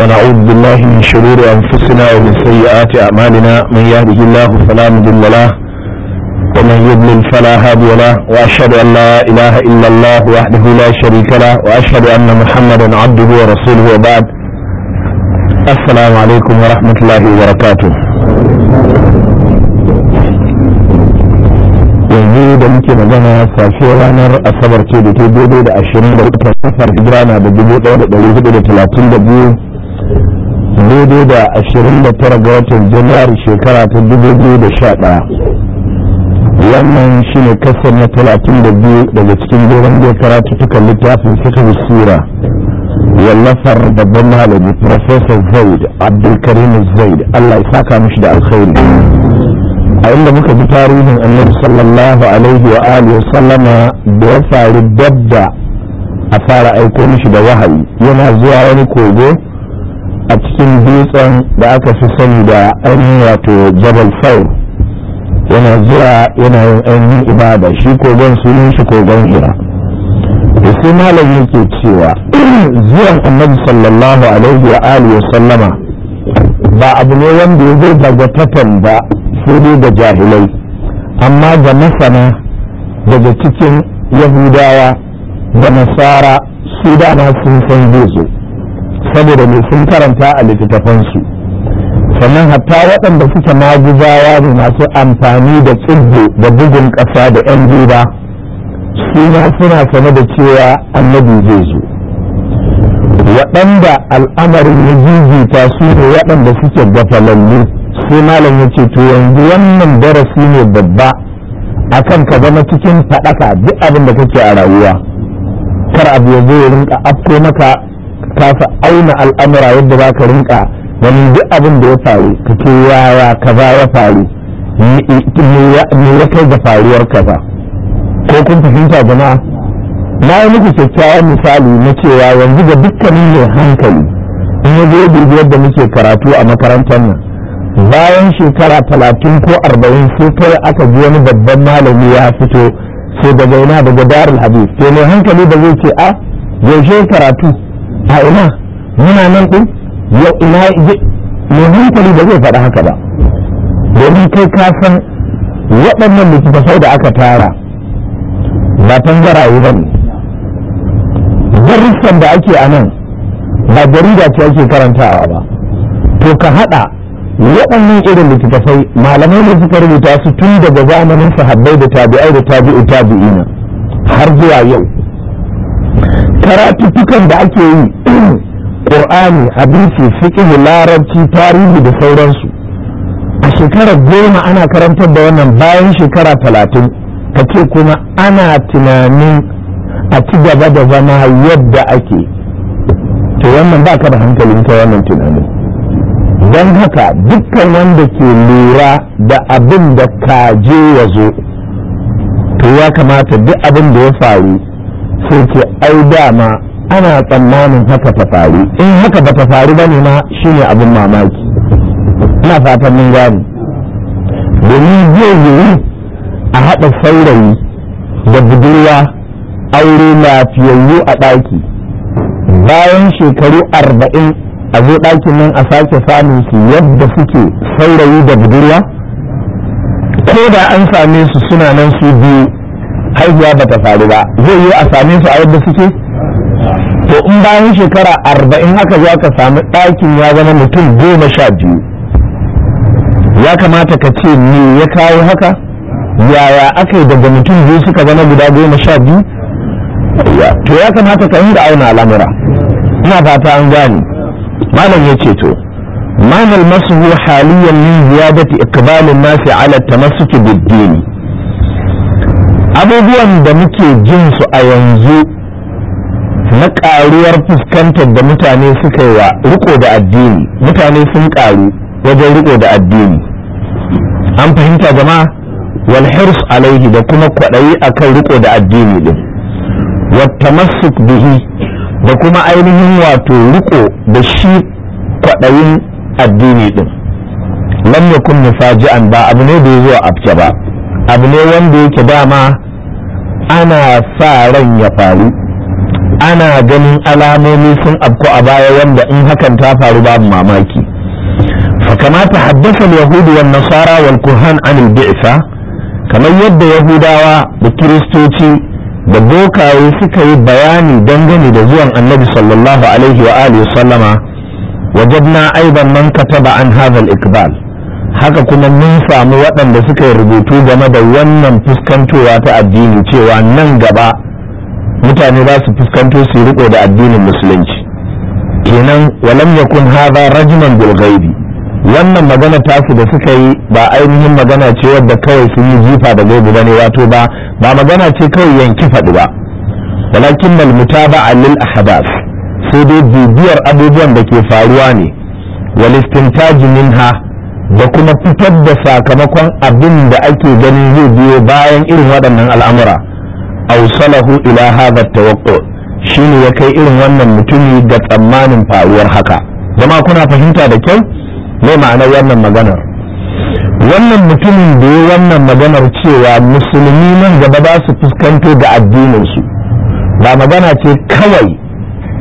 ونعوذ بالله من شرور أنفسنا ومن سيئات أعمالنا من يهده الله فلا مضل له ومن يضلل فلا هادي له وأشهد أن لا إله إلا الله وحده لا شريك له وأشهد أن محمدا عبده ورسوله وبعد السلام عليكم ورحمة الله وبركاته da muke magana safiyar ranar asabar ce da ke dubu da ashirin da uku safar hijira na da dubu ɗaya da ɗari hudu da talatin da biyu daidai da 29 ga watan janairu shekara ta 2011 wannan shi ne kasar na 32 daga cikin doron da tuka littafin fiqh sura wallafar babban malami professor zaid abdulkarim zaid allah ya saka mishi da alkhairi a inda muka bi tarihin annabi sallallahu alaihi wa alihi sallama da ya faru dabda a fara aiko mishi da wahayi yana zuwa wani kogo a cikin dutsen da aka fi sani da ainihin wato jabal fai yana zuwa yana yin ainihin ibada shi kogon sunan shi kogon hira da sai malam yake cewa zuwan annabi sallallahu alaihi wa alihi sallama ba abu ne wanda ya zai tatan ba sai da jahilai amma ga masana daga cikin yahudawa da nasara su da sun san zai zo saboda mai sun karanta a littattafansu sannan hatta waɗanda suke magubawa ne masu amfani da tsibbo da bugun ƙasa da 'yan duba suna suna sane da cewa annabi zai zo waɗanda al'amarin ya jijita su ne waɗanda suke gafalallu sai malam ya ce to yanzu wannan darasi ne babba akan ka zama cikin faɗaka duk abin da kake a rayuwa kar abu ya zo ya rinka afko maka ta fi auna al'amura yadda za ka rinka wani duk abin da ya faru ka yawa ka kaza ya faru me ya kai ga faruwar kaza ko kun fahimta jama'a na yi muku kyakkyawan misali na cewa yanzu ga dukkanin mai hankali in ya zo dubi yadda muke karatu a makarantar nan bayan shekara talatin ko arba'in sai kai aka ji wani babban malami ya fito sai daga yana daga darul hadith to mai hankali ba zai ce a ah, yaushe karatu a ina muna nan ku ya ina mai hankali da zai faɗa haka ba domin kai ka san waɗannan littattafai da aka tara ba tangaraye ba ne darussan da ake a nan ba jarida ce ake karantawa ba to ka haɗa waɗannan irin littattafai malamai da suka rubuta su tun daga zamanin sahabbai da tabi'ai da tabi'u tabi'ina har zuwa yau karatutukan da ake yi ƙur'ani hadisi fiqh larabci tarihi da sauransu a shekarar goma ana karantar da wannan bayan shekara talatin ka kuma ana tunanin a ci gaba da zama yadda ake to wannan ba ka da hankalin ta wannan tunanin don haka dukkan wanda ke lura da abin da kaje ya zo to ya kamata duk abin da ya faru sai ce ai dama ana tsammanin haka ta faru in haka ba ta faru ba ne ma shine abin mamaki ina fatan mun gane domin zai yiwu a haɗa saurayi da budurwa aure lafiyayyu a ɗaki bayan shekaru arba'in a zo ɗakin nan a sake samun su yadda suke saurayi da budurwa ko da an same su suna nan su biyu haihuwa ba ta faru ba zai yi a same su a yadda suke to in bayan shekara arba'in haka za ka samu ɗakin ya zama mutum goma sha biyu ya kamata ka ce me ya kawo haka yaya aka yi daga mutum biyu suka zama guda goma sha biyu to ya kamata ka yi da auna al'amura ina fata an gane malam ya ce to معنى المسح حاليا من زيادة إقبال الناس على التمسك بالدين abubuwan da muke jin su a yanzu na ƙaruwar fuskantar da mutane suka yi wa riko da addini mutane sun ƙaru wajen riko da addini an fahimta da wal hirs alaihi da kuma kwaɗayi akan riko da addini ɗin wata masuk bihi da kuma ainihin wato riko da shi kwaɗayin addini din kun yakun jian ba abu ne da ya zo a ba abu ne wanda yake dama ana sa ran ya faru ana ganin alamomi sun afku a baya wanda in hakan ta faru babu mamaki haddasa Yahudu اليهود والنصارى والكهان عن البعثة كما kamar yadda Yahudawa da bokaye suka yi bayani dangane da zuwan annabi sallallahu alaihi wa alihi sallama wajadna aidan man kataba an hadha al-iqbal haka kuma mun samu waɗanda suka yi rubutu game da wannan fuskantowa ta addini cewa nan gaba mutane za su fuskanto su riko da addinin musulunci kenan walam yakun hadha rajman bil ghaibi wannan magana tasu da suka yi ba ainihin magana ce wadda kawai sun yi jifa da ba bane wato ba ba magana ce kawai yanki faɗi ba walakin mal mutaba'a lil ahdath sai dai bibiyar abubuwan da ke faruwa ne wal istintaj minha da kuma fitar da sakamakon abin da ake ganin zai biyo bayan irin waɗannan al'amura ausalahu ila hadha shi shine ya kai irin wannan mutumi ga tsammanin faruwar haka zama kuna fahimta da kyau mai ma'ana wannan maganar wannan mutumin da ya wannan maganar cewa musulmi nan gaba za su fuskanto da addininsu ba magana ce kawai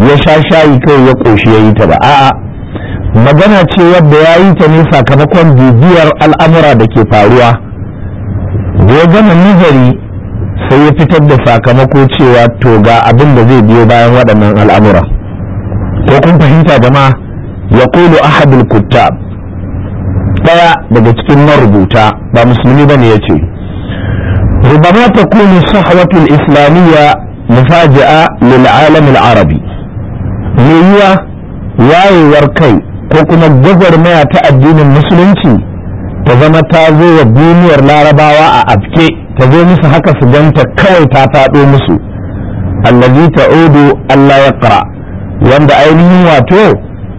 ya sha shayi kawai ya ƙoshi ya yi ta ba a'a magana ce wadda ya yi ta ne sakamakon bibiyar al'amura da ke faruwa da ya gama nazari sai ya fitar da sakamako cewa to ga abin da zai biyo bayan waɗannan al'amura ko kun fahimta da ma ya kulu ahadul kuttab ɗaya daga cikin marubuta ba musulmi ba ne ya ce rubama ta sahwatul islamiyya mufaji'a lil alamil arabi yiwa wayewar kai ko kuma gwagwarmaya ta addinin musulunci ta zama ta zo wa duniyar larabawa a Afke. ta zo musu haka su ganta kawai ta faɗo musu allazi ta'udu Allah ya ƙara wanda ainihin wato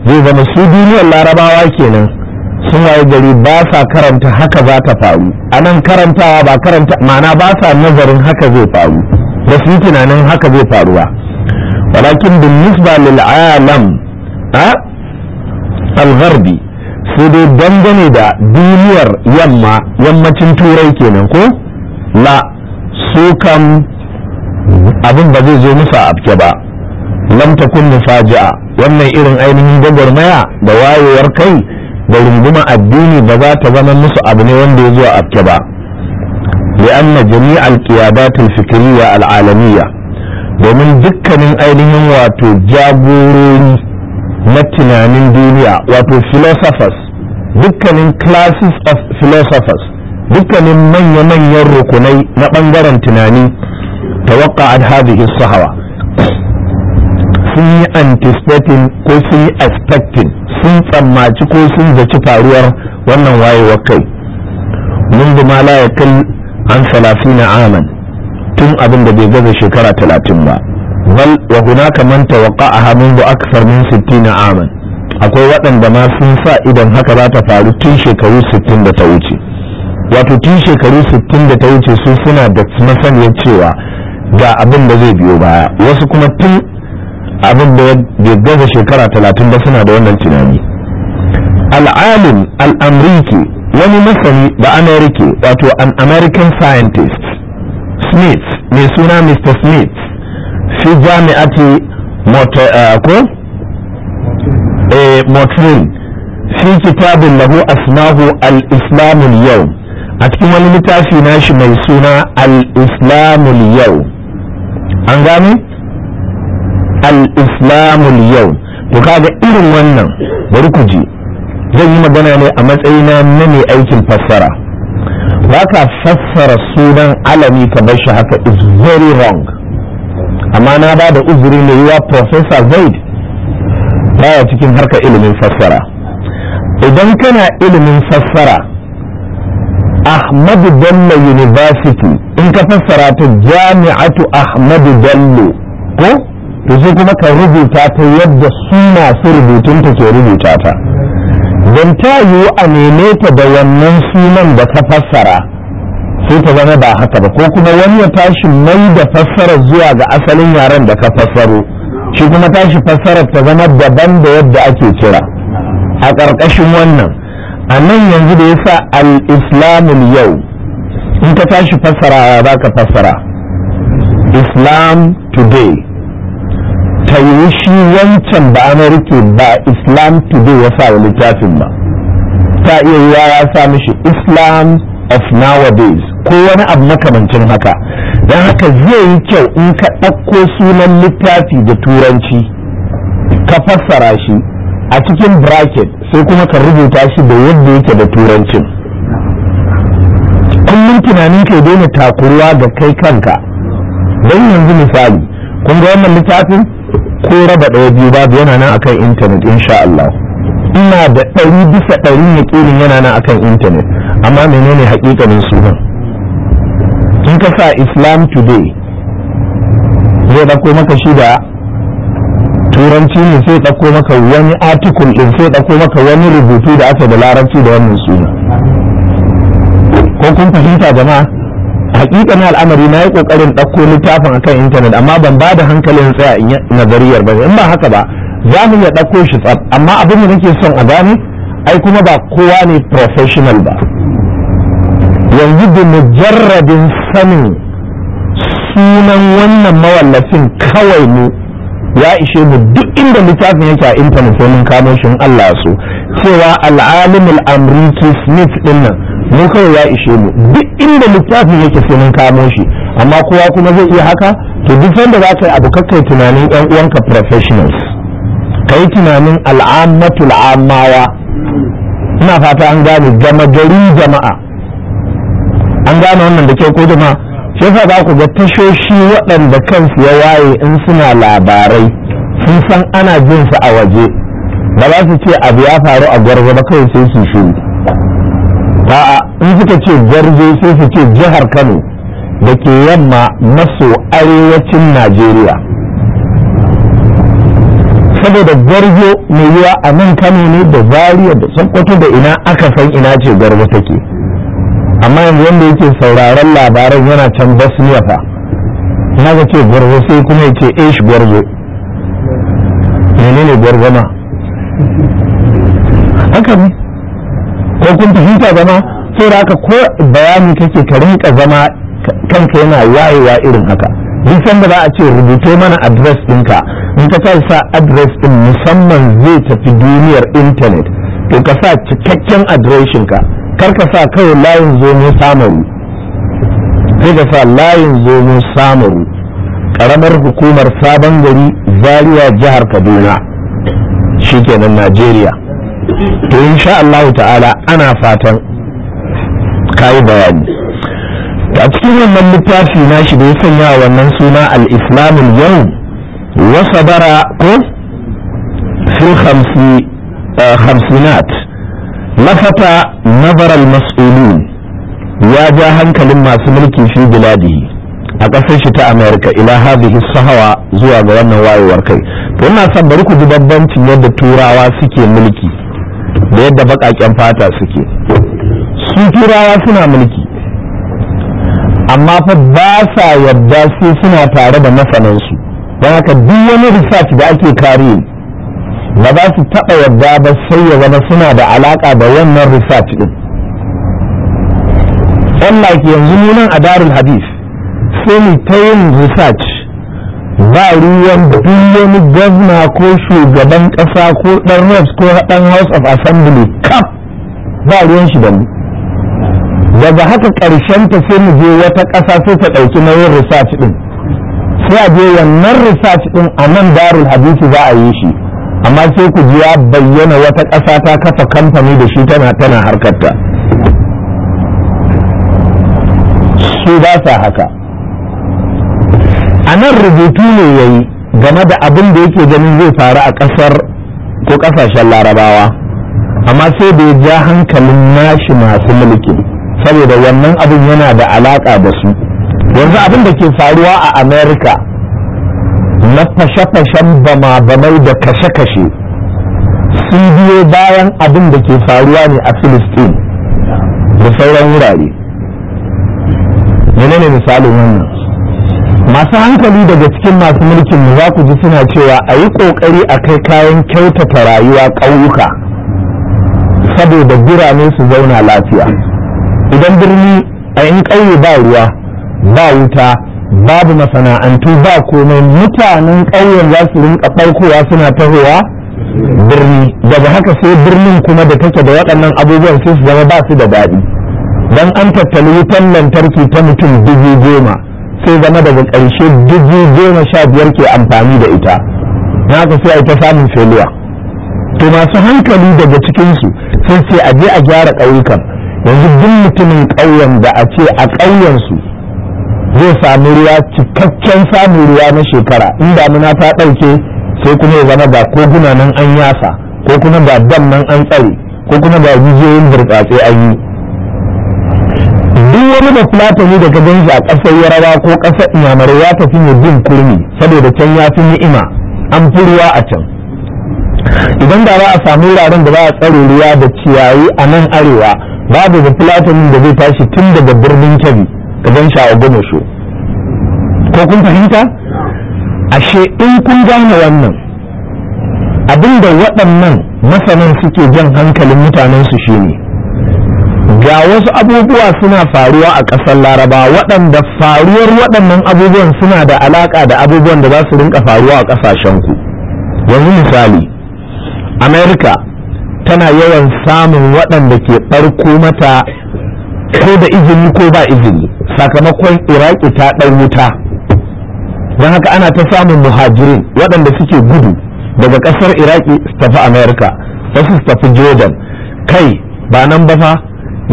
zai zama su duniyar larabawa kenan sun waye gari ba sa karanta haka za ta faru a nan karantawa ba karanta ma'ana ba sa nazarin haka zai faru da su tunanin haka zai faru ba walakin bin nisba lil alam a al-gharbi sai dai dangane da duniyar yamma yammacin turai kenan ko la su kam abin ba zai zo musu abke ba lam takun mufaji'a wannan irin ainihin gwagwarmaya da wayewar kai da runguma addini ba za ta zama musu abu ne wanda ya zo abke ba li'anna jami'al al fikiriya al domin dukkanin ainihin wato jagorori na tunanin duniya wato philosophers dukkanin classes of philosophers dukkanin manya-manyan rukunai na bangaren tunani tawakka an hadhihi sahawa sun yi anticipating ko sun yi expecting sun tsammaci ko sun zaci faruwar wannan wayewar kai Mun ما لا an عن na aman tun abin da bai gaza shekara talatin ba bal wa hunaka man tawaqqa'aha منذ أكثر من 60 عاما akwai waɗanda ma sun sa idan haka za ta faru tun shekaru 60 da ta wuce wato tun shekaru 60 da ta wuce su suna da masaniyar cewa ga abin da zai biyo baya wasu kuma tun abin da ya gaza shekara 30 ba suna da wannan tunani al'alim al'amriki wani masani da amerika wato an american scientist smith mai suna mr smith fi jami'ati ko motrin fi kitabin lahu asmahu al-islamul yau a cikin wani littafi shi mai suna al-islamul yau an gani al-islamul yau to kaga irin wannan bari ku ji zan yi magana ne a matsayina na mai aikin fassara ba ka fassara sunan alami ta bar shi haka is very wrong amma na ba da uzuri mai yiwa professor zaid baya cikin harka ilimin fassara idan kana ilimin fassara ahmadu bello university in ka fassara ta jami'atu ahmadu bello ko to sai kuma ka rubuta ta yadda su masu rubutun ta ke rubuta ta don ta yiwu a neme ta da wannan sunan da ka fassara sai ta zama ba haka ba ko kuma wani ya tashi mai da fassarar zuwa ga asalin yaren da ka fassaro shi kuma tashi fasarar ta zama daban da yadda ake kira a ƙarƙashin wannan a nan yanzu da yasa al-islamul yau in ka tashi fassara ba ka fassara islam today ta yi shi wancan ba amurke ba islam today ya wa littafin ba ta iya ya sa mishi islam of nowadays ko wani abu makamancin haka don haka zai yi kyau in ka ɗauko sunan littafi da turanci ka fassara shi a cikin bracket sai kuma ka rubuta shi da yadda yake da turancin kullum tunanin ka daina takuruwa da kai kanka don yanzu misali kun ga wannan littafin ko raba ɗaya biyu babu yana nan akan intanet insha Allah ina da ɗari bisa ɗari ya ƙirin yana nan akan intanet amma menene haƙiƙanin sunan in ka sa islam today zai ɗauko maka shi da turanci ne sai ɗauko maka wani article ɗin sai ɗauko maka wani rubutu da aka da larabci da wannan suna ko kun fahimta jama'a hakikanin al'amari na yi kokarin ɗauko littafin akan intanet amma ban ba da hankalin tsaya nazariyar ba in ba haka ba za mu iya ɗauko shi tsab amma abin da nake son a gane ai kuma ba kowa ne professional ba yanzu da mujarradin sanin sunan wannan mawallafin kawai mu ya ishe mu duk inda littafin yake a intanet sai mun kamo shi Allah so cewa al'alimul amriki smith din nan mun kawai ya ishe mu duk inda littafin yake sai mun kamo shi amma kowa kuma zai iya haka to duk sanda za ka yi abu kakkai tunanin yan uwanka professionals ka yi tunanin al'ammatul ammawa ina fata an gane gama gari jama'a an gane wannan da kyau ko jama'a shi yasa za ku ga tashoshi waɗanda kansu ya waye in suna labarai sun san ana jin su a waje ba za su ce abu ya faru a gwarzo ba kawai sai su shiru a'a in suka ce gwarzo sai su ce jihar kano da ke yamma maso arewacin najeriya saboda gwarzo mai yiwa a nan kano ne da zariya da sokoto da ina aka san ina ce gwarzo take amma yanzu wanda yake sauraron labaran yana can bosnia fa na ga ce gwarzo sai kuma ya ce ish gwarzo menene gwarzo ma haka ne ko kun fahimta zama saboda haka ko bayani kake ka rinka zama kanka yana wayewa irin haka duk sanda za a ce rubuto mana adres ɗinka in ka sa sa adres ɗin musamman zai tafi duniyar intanet to ka sa cikakken adireshin ka kar ka sa kawai layin zomo samaru sai ka sa layin zomo samaru karamar hukumar sabon gari zaria jihar kaduna shikenan najeriya to insha Allah ta'ala ana fatan kayi bayani da a cikin wannan littafi na shi da ya sanya wannan suna al-islamul yau wa sabara ko khamsi eh, khamsinat lafata nazar al-mas'ulun ya ja hankalin masu mulki fi biladihi a ƙasar shi ta america ila hadhihi sahawa zuwa ga wannan wayewar kai to ina son bari ku ji bambancin yadda turawa suke mulki da yadda baƙaƙen fata suke su turawa suna mulki amma fa ba sa yarda sai suna tare da masanansu don haka duk wani research da ake kare ba za su taɓa yarda ba sai ya zama suna da alaƙa da wannan research ɗin ke yanzu nunan a darul hadith sai mu ta yin research ba ruwan duk wani gwamna ko shugaban ƙasa ko ɗan ko ɗan house of assembly kaf ba ruwan shi da mu daga haka ƙarshen ta sai mu je wata ƙasa sai ta ɗauki nauyin research ɗin sai a je wannan research ɗin a nan darul hadisi za a yi shi amma sai ku ji ya bayyana wata ƙasa ta kafa kamfani da shi tana tana harkarta su ba sa haka a nan rubutu ne ya yi game da abin da yake ganin zai faru a ƙasar ko ƙasashen larabawa amma sai da ya ja hankalin nashi masu mulkin saboda wannan abin yana da alaƙa da su yanzu abin da ke faruwa a Amerika na fashe-fashen bama-bamai da kashe-kashe sun biyo bayan abin da ke faruwa ne a Filistin da sauran wurare menene misalin wannan masu hankali daga cikin masu mulkin za ku ji suna cewa a yi ƙoƙari a kai kayan kyautata rayuwa ƙauyuka saboda birane su zauna lafiya idan birni a in ƙauye ba ruwa ba wuta babu masana'antu ba komai mutanen ƙauyen za su rinka ɓarkowa suna tahowa birni daga haka sai birnin kuma da take da waɗannan abubuwan sai su zama ba su da daɗi don an tattali wutan lantarki ta mutum dubu goma sai zama daga ƙarshe dubu goma sha biyar ke amfani da ita na haka sai a yi ta samun failure to masu hankali daga cikinsu sai sai a je a gyara ƙauyukan yanzu duk mutumin ƙauyen da a ce a ƙauyensu zai samu ruwa cikakken samun ruwa na shekara in damina ta ɗauke sai kuma ya zama ba guna nan an yasa ko kuma ba dam nan an tsare ko kuma ba jijiyoyin burtsatse an yi duk wani da fulatani da ka ganshi a ƙasar yarawa ko ƙasar inyamar ya tafi ne bin kurmi saboda can ya fi ni'ima an fi ruwa a can idan da ba a sami wuraren da ba a tsare ruwa da ciyayi a nan arewa babu da platinum da zai tashi tun daga birnin kebbi ka gan shi a goma ko kun fahimta ashe in kun gane wannan Abinda waɗannan masanan suke jan hankalin mutanen su shine ga wasu abubuwa suna faruwa a ƙasar laraba waɗanda faruwar waɗannan abubuwan suna da alaƙa da abubuwan da za su rinka faruwa a ƙasashen ku yanzu misali america tana yawan samun waɗanda ke ɓarko mata ko da izini ko ba izini sakamakon iraki ta ɗan wuta don haka ana ta samun muhajirin waɗanda suke gudu daga ƙasar iraki su tafi amerika wasu su tafi jordan kai ba nan ba fa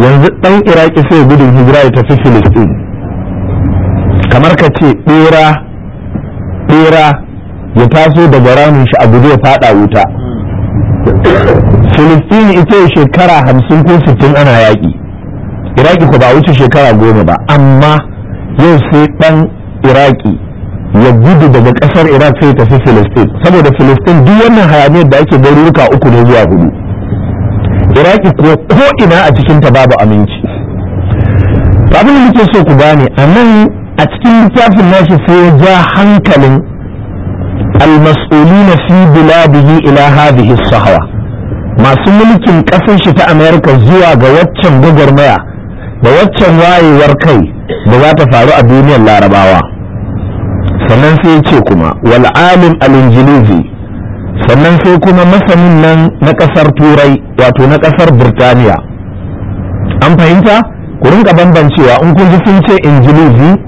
yanzu ɗan iraki sai gudu hijira ya tafi filistin kamar ka ce ɓera ɓera ya taso daga ramin shi a gudu ya faɗa wuta filistini ita shekara hamsin ko sittin ana yaƙi iraki ko ba wuce shekara goma ba amma yau sai ɗan iraki ya gudu daga ƙasar iraq sai tafi filistin saboda filistin duk wannan hayaniyar da ake garuruka uku ne zuwa hudu iraki ko ko ina a cikinta babu aminci abin da muke so ku gane a nan a cikin littafin nashi sai ya ja hankalin almas'ulina fi biladihi ila hadhihi sahawa masu mulkin ƙasar shi ta amerika zuwa ga waccan gwagwarmaya da waccan wayewar kai da za ta faru a duniyar larabawa sannan sai ce kuma wal'alim al-injilizi sannan sai kuma masanin nan na ƙasar turai wato na ƙasar birtaniya an fahimta ku rinka bambancewa in kun ji sun ce injilizi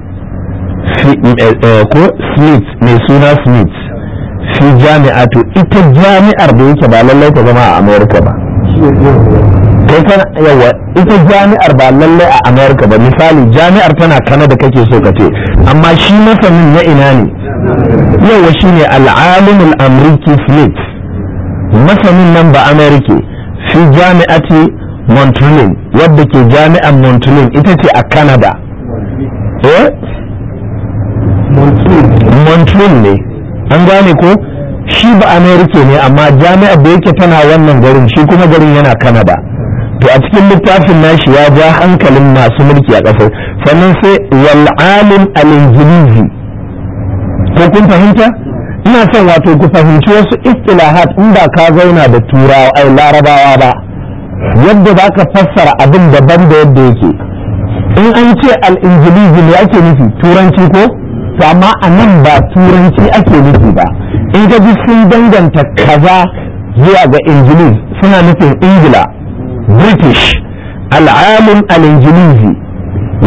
Eh, eh, ko smith mai suna smith fi jami'atu ita jami'ar da yake ba lallai ta zama a amurka ba kai yawa ita jami'ar ba lallai a amurka ba misali jami'ar tana kanada kake so kace amma shi masanin na ina ne yawa shi ne al'alimul amurki smith masanin nan ba amurka fi jami'ati montreal wadda ke jami'ar montreal ita ce a kanada. Eh? montreal ne an gane ko shi ba amerika ne amma jami'ar da yake tana wannan garin shi kuma garin yana canada to a cikin littafin nashi ya ja hankalin masu mulki a kasar sannan sai wal'alin al-ingilizi ko kun fahimta ina son wato ku fahimci wasu istilahat in ba ka zauna da turawa ai larabawa ba yadda za ka fassara abin daban da yadda yake in an ce al-ingilizi ne ake nufi turanci ko to amma a nan ba turanci ake nufi ba in ga sun danganta kaza zuwa ga ingilis suna nufin ingila british al'amun al'ingilizi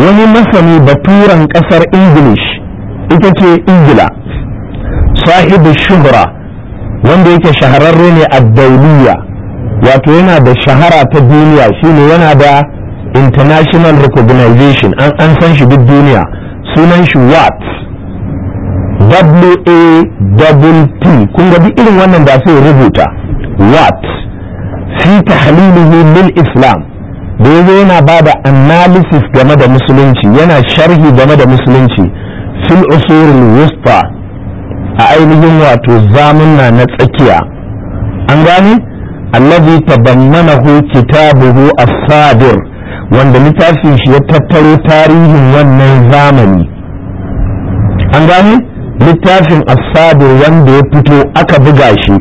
wani masani baturan kasar ingilish ita ce ingila sahibu shuhra wanda yake shahararre ne a dauliya wato yana da shahara ta duniya shine yana da international recognition an san shi duk duniya sunan shi watts w a kun ga irin wannan da sai rubuta what fi tahlilihi lil islam da yazo yana ba da analysis game da musulunci yana sharhi game da musulunci fil usurul wusta a ainihin wato zamunna na tsakiya an gane allazi tabammanahu kitabuhu as-sadir wanda littafin shi ya tattaro tarihin wannan zamani an gane littafin asabir wanda ya fito aka buga shi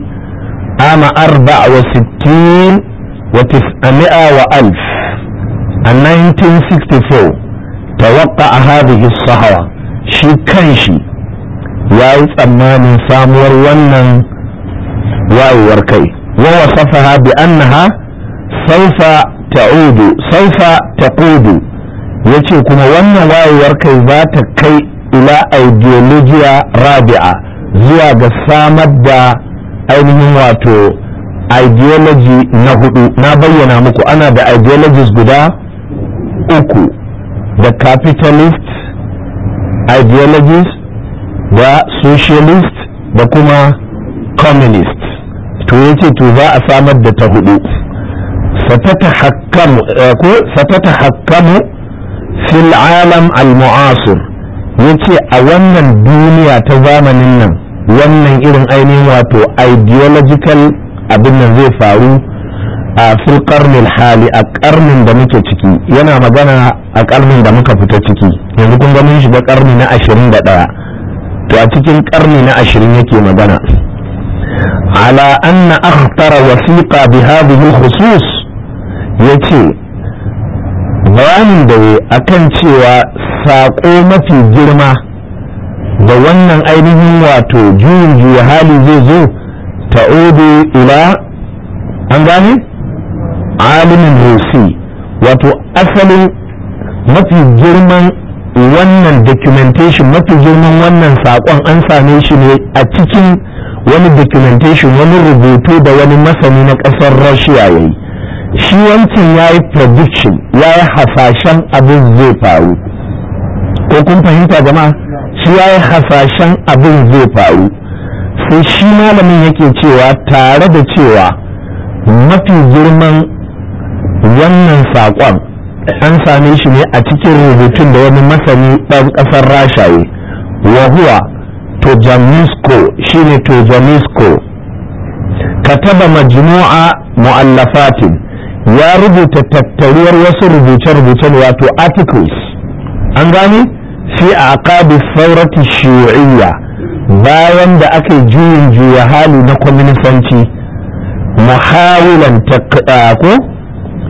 ama arba wa sittin wa tis'ami'a wa alf a 1964 tawakka a hadhihi sahawa shi kanshi ya yi tsammanin samuwar wannan wayewar kai ووصفها بأنها saufa تعود سوف تقود yace kuma wannan wayewar kai za ta kai ila ideologiya rabi'a zuwa ga samar da ainihin wato ideology na hudu na bayyana muku ana da ideologies guda uku da capitalist ideologies da socialist da kuma communist to yace to za a samar da ta hudu ستتحكم ستتحكم في العالم المعاصر ya ce a wannan duniya ta zamanin nan wannan irin ainihin wato ideological abin nan zai faru a filkarnin hali a ƙarnin da muke ciki yana magana a ƙarnin da muka fita ciki yanzu kun mun shiga ƙarni na ashirin da ɗaya to a cikin ƙarni na ashirin yake magana ala anna akhtara wasiqa bi hadhihi khusus yace bayanin da akan cewa saƙo mafi girma da wannan ainihin wato juyin juya hali zai zo ta obe ila an gane alimin rusi wato asalin mafi girman wannan documentation mafi girman wannan saƙon an same shi ne a cikin wani documentation wani rubutu da wani masani na ƙasar rashiya yayi shi wancan ya yi prediction ya yi hasashen abin zai faru ko kun fahimta jama'a shi ya yi hasashen abin zai faru sai shi malamin yake cewa tare da cewa mafi girman wannan saƙon an same shi ne a cikin rubutun da wani masani ɗan ƙasar yi wahuwa tojamisko shine tojanisko kataba majmu'a mu'allafatin ya rubuta tattaruwar wasu rubuce-rubucen wato articles an gane fi aqabi saurati shi'iyya bayan da aka juyin juya hali na kwaminisanci muhawilan ko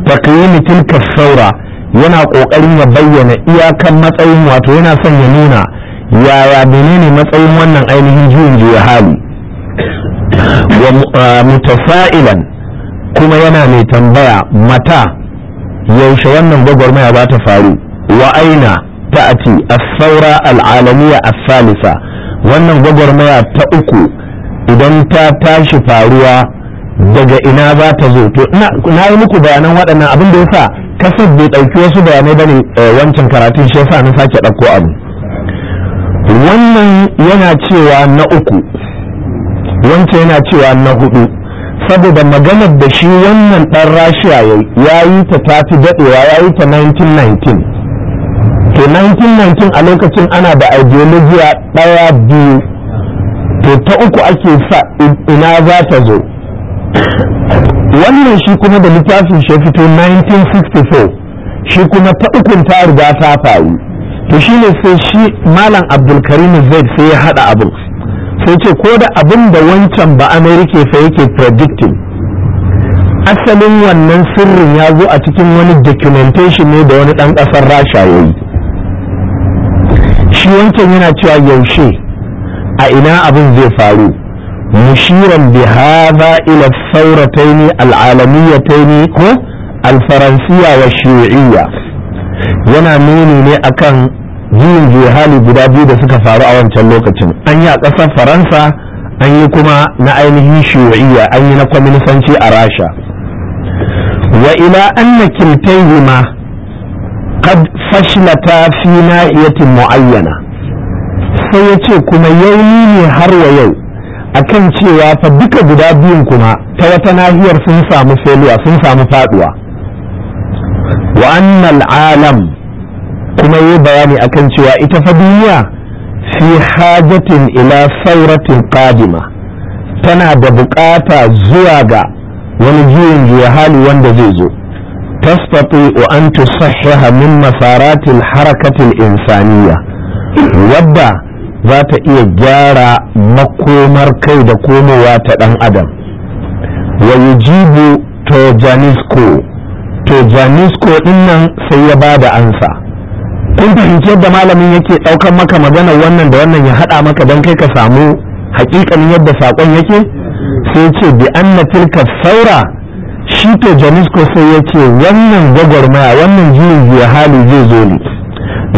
takyini tilka saura yana kokarin ya bayyana iyakan matsayin wato yana son ya nuna yaya menene matsayin wannan ainihin juyin juya hali wa mutafa'ilan kuma yana mai tambaya mata yaushe wannan gwagwarmaya ba ta faru wa aina ta'ati as-saura al-alamiyya as-salisa wannan gwagwarmaya ta uku idan ta tashi faruwa daga ina za ta zo to na yi muku bayanan waɗannan abin da yasa kasar bai ɗauki wasu bayanai bane eh, wancan karatun shi yasa na sake ɗauko abu wannan yana cewa na uku wancan yana cewa na hudu saboda maganar da shi wannan dan rashiya ya yi ta tafi dadewa ya yi ta 1919 to 1919 a lokacin ana da ideologiya ɗaya biyu to ta uku ake sa ina za ta zo wannan shi kuma da littafin shi fito 1964 shi kuma ta ukun ta riga ta faru to shi ne sai shi malam abdulkarim zaid sai ya haɗa abin sai ce ko da abin da wancan ba amerika fa yake predicting asalin wannan sirrin ya zo a cikin wani documentation ne da wani ɗan ƙasar rasha ya shi wancan yana cewa yaushe a ina abin zai faru mushiran bi hadha ila thawratayn al'alamiyatayn ko al-faransiyya wa Shu'iyya yana nuni ne akan yin jihali guda biyu da suka faru a wancan lokacin an yi a ƙasar faransa an yi kuma na ainihin shiyu'iyya an yi na kwaminisanci a rasha wa ila anna kiltayhima qad ta fi tun muayyana sai ya ce kuma yauni ne har wa yau akan cewa fa duka guda biyun kuma ta wata nahiyar sun samu failure sun samu faduwa wa annal alam kuma yi bayani akan cewa ita fa duniya fi hajatin ila sauratin kadima tana da bukata zuwa ga wani juyin juya hali wanda zai zo تستطيع أن تصحح من مسارات الحركة الإنسانية ودى ذات إيجارة مقومر كيد قوموا تدن أدم ويجيب توجانيسكو توجانيسكو إنن سيباد ansa. kun fahimci yadda malamin yake ɗaukar maka magana wannan da wannan ya haɗa maka don kai ka samu hakikanin yadda saƙon yake sai ce bi anna tilka saura shi to janisko sai ya ce wannan gwagwarmaya wannan juyin hali zai zo ne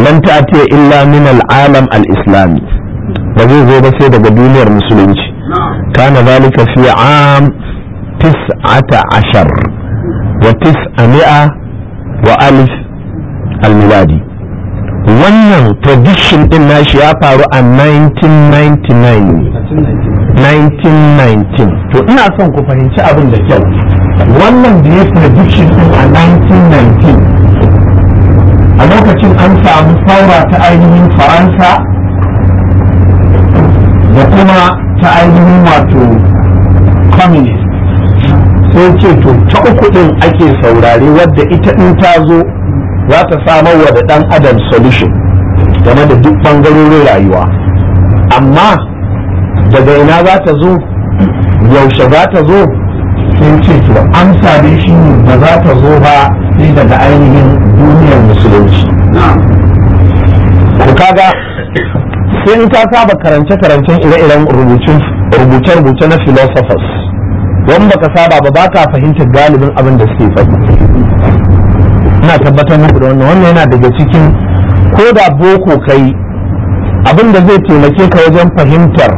lan ta ce illa min al'alam al-islami ba zai zo ba sai daga duniyar musulunci kana zalika fi am tis'ata wa tis'a wa alif al-miladi wannan tradition din nashi ya faru a 1999 1919 to ina son ku fahimci abin da kyau wannan da ya prediction din a 1919 a lokacin an samu saura ta ainihin faransa da kuma ta ainihin wato communist sai ce to ta uku din ake saurare wadda ita in ta zo za ta samar wa da dan adam solution game da duk bangarorin rayuwa amma daga ina za ta zo yaushe za ta zo sai ce to an dai shi ne ba za ta zo ba sai daga ainihin duniyar musulunci ku kaga sai in ta saba karance-karancen ire-iren rubuce-rubuce na philosophers don ka saba ba ba ka fahimtar galibin abin da suke faɗi ina tabbatar muku da wannan wannan yana daga cikin ko da boko kai abin da zai taimake ka wajen fahimtar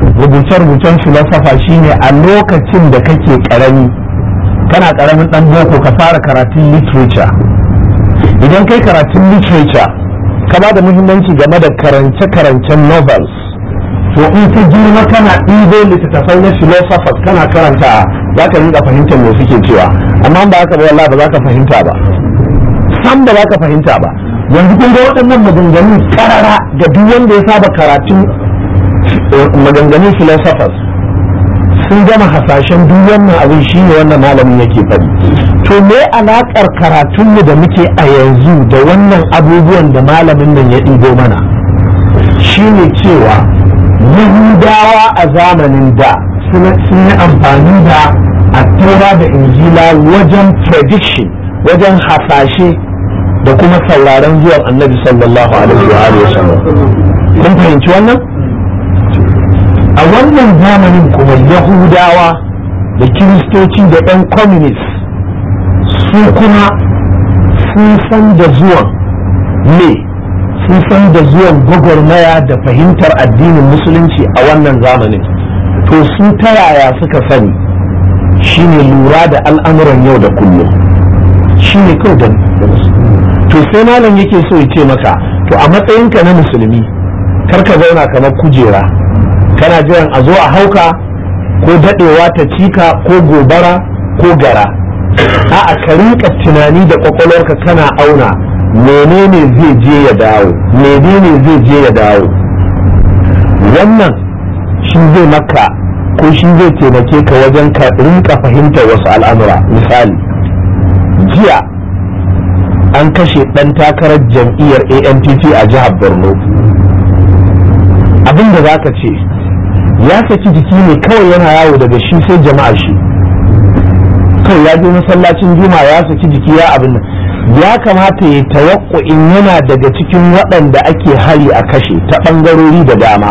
rubuce-rubucen filosofa shine a lokacin da kake karami kana karamin dan boko ka fara karatun literature idan kai karatun literature ka ba da muhimmanci game da karance-karancen novels to in ka girma kana ɗibo littattafai na philosophers kana karanta za ka rinka fahimtar me suke cewa amma ba haka ba wallahi ba za ka fahimta ba san ba za ka fahimta ba yanzu kun ga waɗannan maganganun karara ga duk wanda ya saba karatun maganganun philosophers sun gama hasashen duk wannan abin shi ne wannan malamin yake faɗi to me alaƙar karatunmu da muke a yanzu da wannan abubuwan da malamin nan ya ɗigo mana shi ne cewa yahudawa a zamanin da sun yi amfani da attura da injila wajen prediction wajen hasashe da kuma sauraron zuwan annabi sallallahu alaihi wa sallam kun fahimci wannan a wannan zamanin kuma yahudawa da kiristoci da ɗan communist su kuma sun san da zuwan ne sun san da zuwan gwagwarmaya da fahimtar addinin musulunci a wannan zamanin to su ta yaya suka sani shine lura da al'amuran yau da kullum shine kawai da to sai malam yake so ya ce maka to a matsayinka na musulmi kar ka zauna kamar kujera kana jiran a zo a hauka ko daɗewa ta cika ko gobara ko gara a'a ka rinka tunani da ƙwaƙwalwarka kana auna menene zai je ya dawo menene zai je ya dawo wannan shi zai maka ko shi zai taimake ka wajen ka rinka fahimtar wasu al'amura misali jiya an kashe ɗan takarar jam'iyyar ampp a jihar borno abinda za ka ce ya saki jiki ne kawai yana yawo daga shi sai jama'a shi Kau ya je masallacin juma ya saki jiki ya abin ya kamata ya in yana daga cikin waɗanda ake hari a kashe ta ɓangarori da dama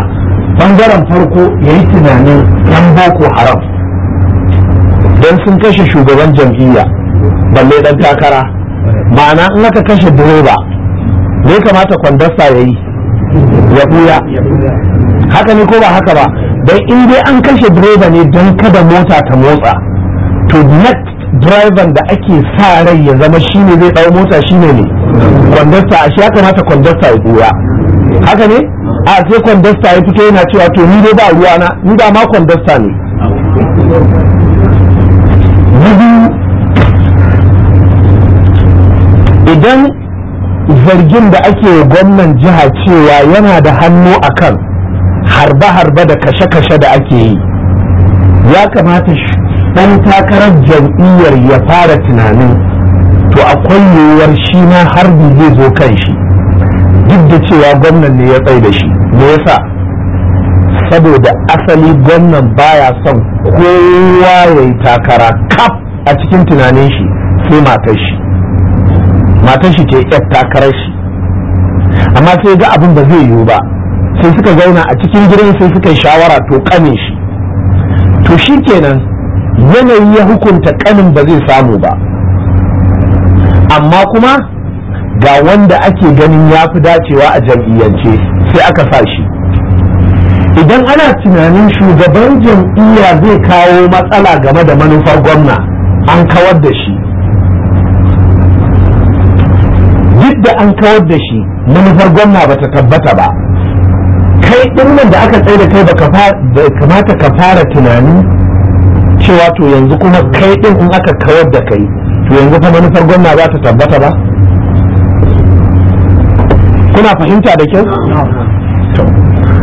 ɓangaren farko ya yi tunanin ɗan boko haram don sun kashe shugaban jam'iyya balle ɗan takara ma'ana in aka kashe direba ne kamata kwandasta ya yi ya ɓuya haka ne ko ba haka ba dan in dai an kashe direba ne don kada mota ta motsa to next driver da ake sa rai ya zama shine zai ɗau mota shine ne kwandasta a shi ya kamata kwandasta ya goya haka ne a sai kwandasta ya fito yana cewa to ni dai ba ruwa na ni da ma kwandasta ne idan zargin da ake gwamnan jiha cewa yana da hannu a kan harbe-harbe da kashe-kashe da ake yi ya kamata ɗan takarar jam'iyyar ya fara tunanin to akwai yiwuwar shi ma harbi zai zo kan shi duk da cewa gwamnan ne ya tsaye da shi me yasa saboda asali gwamnan baya son kowa ya yi takara kaf a cikin tunanin shi sai matar shi matar shi ke yar takarar shi amma sai ga abin ba zai yiwu ba sai suka zauna a cikin gidan sai suka yi shawara to kanin shi to shi kenan yanayi ya hukunta kanin ba zai samu ba amma kuma ga wanda ake ganin ya fi dacewa a jam'iyyance sai aka sa shi idan ana tunanin shugaban jam'iyya zai kawo matsala game da manufar gwamna an kawar da shi duk da an kawar da shi manufar gwamna ba ta tabbata ba kai din nan da aka tsaye da kai ba kamata ka fara tunani cewa to yanzu kuma kai ɗin in aka kawar da kai to yanzu fa manufar gwamna za ta tabbata ba kuna fahimta da kyau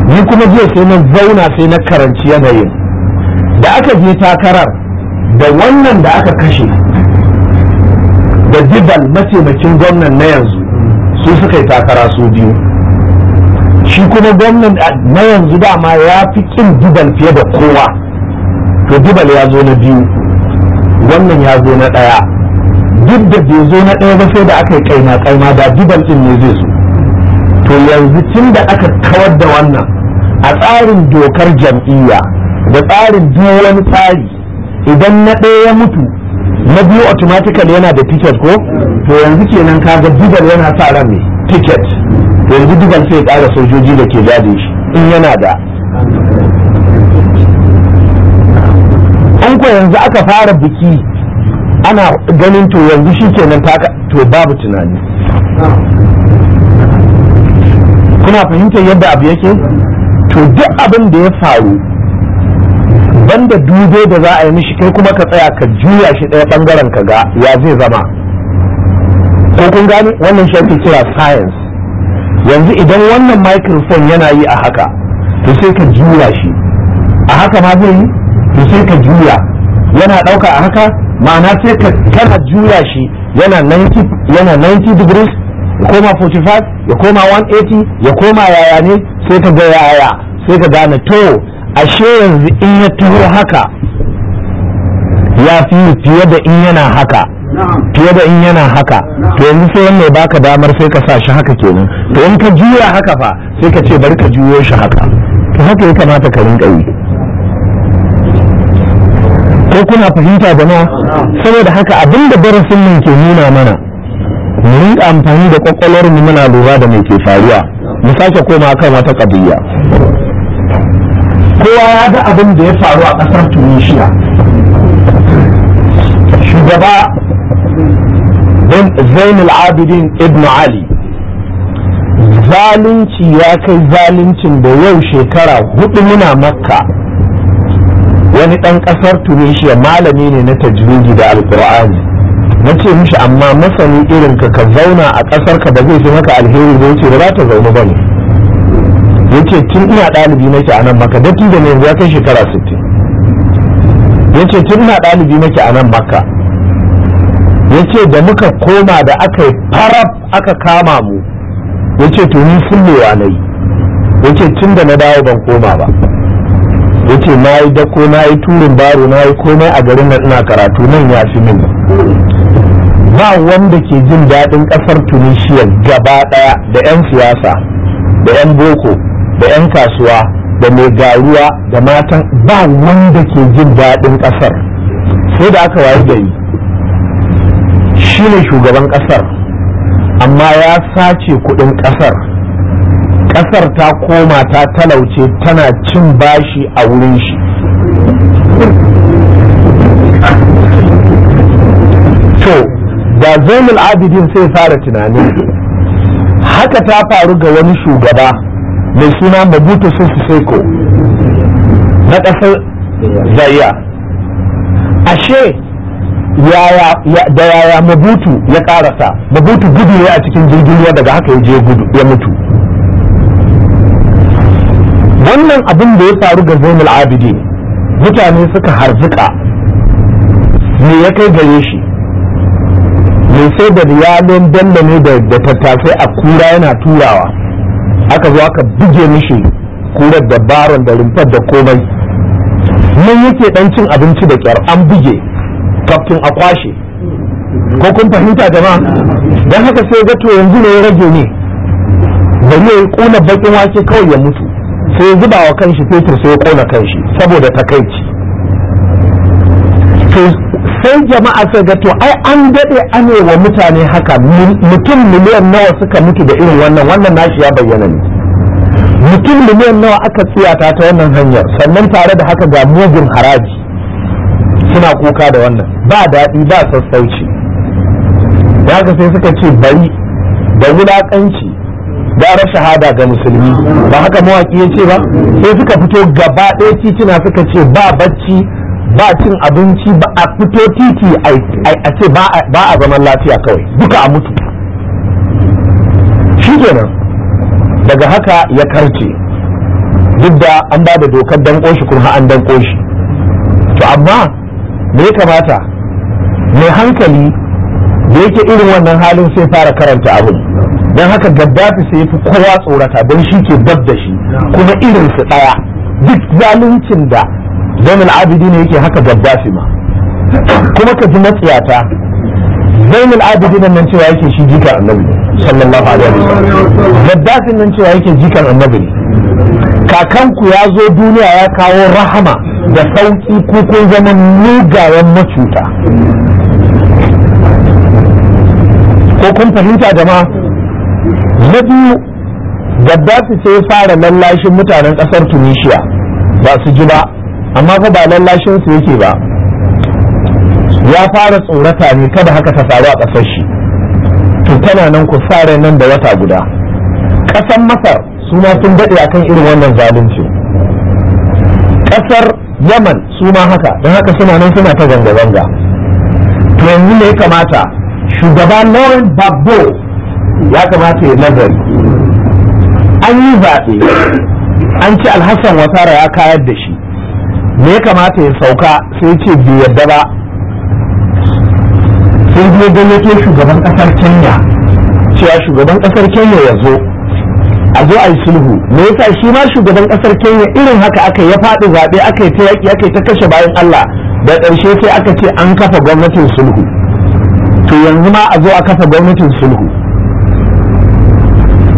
ni kuma jiya sai na zauna sai na karanci yanayin da aka je takarar da wannan da aka kashe da jibal mataimakin gwamnan na yanzu su suka yi takara su biyu shi kuma gwamnan na yanzu dama ya fi kin dibal fiye da kowa to dibal ya zo na biyu wannan ya zo na ɗaya duk da bai zo na ɗaya ba sai da aka yi kaina kaima da dibal ɗin ne zai so to yanzu tun da aka kawar da wannan a tsarin dokar jam'iyya da tsarin duk wani tsari idan na ɗaya ya mutu na biyu automatically yana da ticket ko to yanzu kenan kaga dibal yana sa ran ne ticket yanzu dukkan sai ƙara sojoji da ke gadin shi in yana da an ko yanzu aka fara biki ana ganin to yanzu shi kenan to babu tunani kuna fahimtar yadda abu yake to duk abin da ya faru banda dube da za a yi mishi kai kuma ka tsaya ka juya shi ɗaya bangaren ka ga ya zai zama ko kun gani wannan shi ake kira science yanzu idan wannan microphone yana yi a haka to sai ka juya shi a haka ma zai yi to sai ka juya yana ɗauka a haka ma'ana sai ka kana juya shi yana 90 yana 90 degrees ya koma 45 ya koma 180 ya koma yaya ne sai ka ga yaya sai ka gane to ashe yanzu in ya taho haka ya fi fiye da in yana haka fiye da in yana haka to yanzu sai wanda ya baka damar sai ka sa shi haka kenan to in ka juya haka fa sai ka ce bari ka juyo shi haka to haka ya kamata ka rinka yi ko kuna fahimta na saboda haka abinda darasin mun ke nuna mana mu rinka amfani da kwakwalwar mu muna lura da mai ke faruwa mu sake koma kan wata kabiya kowa ya ga abin da ya faru a kasar tunisia shugaba zain al-abidin ibn ali zalunci ya kai zaluncin da yau shekara hudu muna makka wani ɗan ƙasar tunisia malami ne na tajwidi da alƙur'ani na ce mishi amma masani irin ka ka zauna a ƙasar ka ba zai fi maka alheri ba wuce ba za ta zaune ba ne Ya ce tun ina ɗalibi nake a nan maka dattin da ne ya kai shekara sittin ce tun ina ɗalibi nake a nan maka ya ce da muka koma da aka yi farab aka kama mu ya ce to ni fullewa na yi ya ce tun da na dawo ban koma ba ya ce na yi dako na yi turin baro na yi komai a garin nan ina karatu nan ya fi min ba wanda ke jin daɗin ƙasar tunisiya gaba ɗaya da 'yan siyasa da 'yan boko da 'yan kasuwa da mai garuwa da matan ba wanda ke jin daɗin ƙasar sai da aka wayi yi. Shi ne shugaban ƙasar amma ya sace kuɗin ƙasar ƙasar ta koma ta talauce tana cin bashi a wurin shi to da zainul abidin sai fara tunani. haka ta faru ga wani shugaba mai suna mabuto sosai na ƙasar zariya ashe da yaya mabutu ya karasa mabutu gudu ne a cikin jirgin ruwa daga haka ya je gudu ya mutu wannan abin da ya faru ga zainul abidi mutane suka harzuka me ya kai gare shi mai sai da riyalon ne da tattasai a kura yana turawa aka zo aka buge mishi kurar da da rumfar da komai nan yake dan cin abinci da kyar an buge kafin a kwashe ko kun fahimta jama'a don haka sai ga to yanzu ne ya rage ne Da ne kona bakin wake kawai ya mutu sai zuba wa kanshi fetur sai ya kona kanshi saboda takaici sai jama'a sai gato to ai an daɗe ane wa mutane haka mutum miliyan nawa suka mutu da irin wannan wannan nashi ya bayyana ne mutum miliyan nawa aka tsiyata ta wannan hanyar sannan tare da haka ga mugun haraji suna kuka da wannan ba daɗi ba sassauci ya ka sai suka ce bari da wulaƙanci gara shahada ga musulmi ba haka mawaƙi ya ce ba sai suka fito gaba ɗaya titina suka ce ba bacci ba cin abinci ba a fito titi a ce ba a zaman lafiya kawai duka a mutu shi kenan daga haka ya karce duk da an ba da dokar danƙoshi shi kuma an danko shi to amma da ya kamata mai hankali da yake irin wannan halin sai fara karanta abin don haka gaddafi sai fi kowa tsorata don shi ke dab da shi kuma irin su daya duk zaluncin da zainul abidi ne yake haka gaddafi ma kuma ka ji matsiyata zainul abidi nan cewa yake shi jikar annabi sallallahu alaihi wasallam gaddafi nan cewa yake jikar annabi kakanku ya zo duniya ya kawo rahama da sauƙi ko kun zama mugayen macuta ko kun fahimta jama'a na biyu gaddafi sai ya fara lallashin mutanen ƙasar tunisia ba su ji ba amma fa ba lallashin su yake ba ya fara tsorata ne kada haka ta faru a ƙasar shi to tana nan ku fara nan da wata guda ƙasar masar su ma sun daɗe akan irin wannan zalunci ƙasar yaman su ma haka don haka suna nan suna ta zanga-zanga to yanzu ne kamata shugaba lauren babbo ya kamata ya nazari an yi zaɓe an ci alhassan wasara ya kayar da shi me ya kamata ya sauka sai ce bai yadda ba sai ya gayyato shugaban ƙasar kenya cewa shugaban ƙasar kenya ya zo a zo a yi sulhu me yasa shi ma shugaban kasar Kenya irin haka aka ya faɗi zaɓe aka yi ta aka yi ta kashe bayan Allah da ƙarshe sai aka ce an kafa gwamnatin sulhu to yanzu ma a zo a kafa gwamnatin sulhu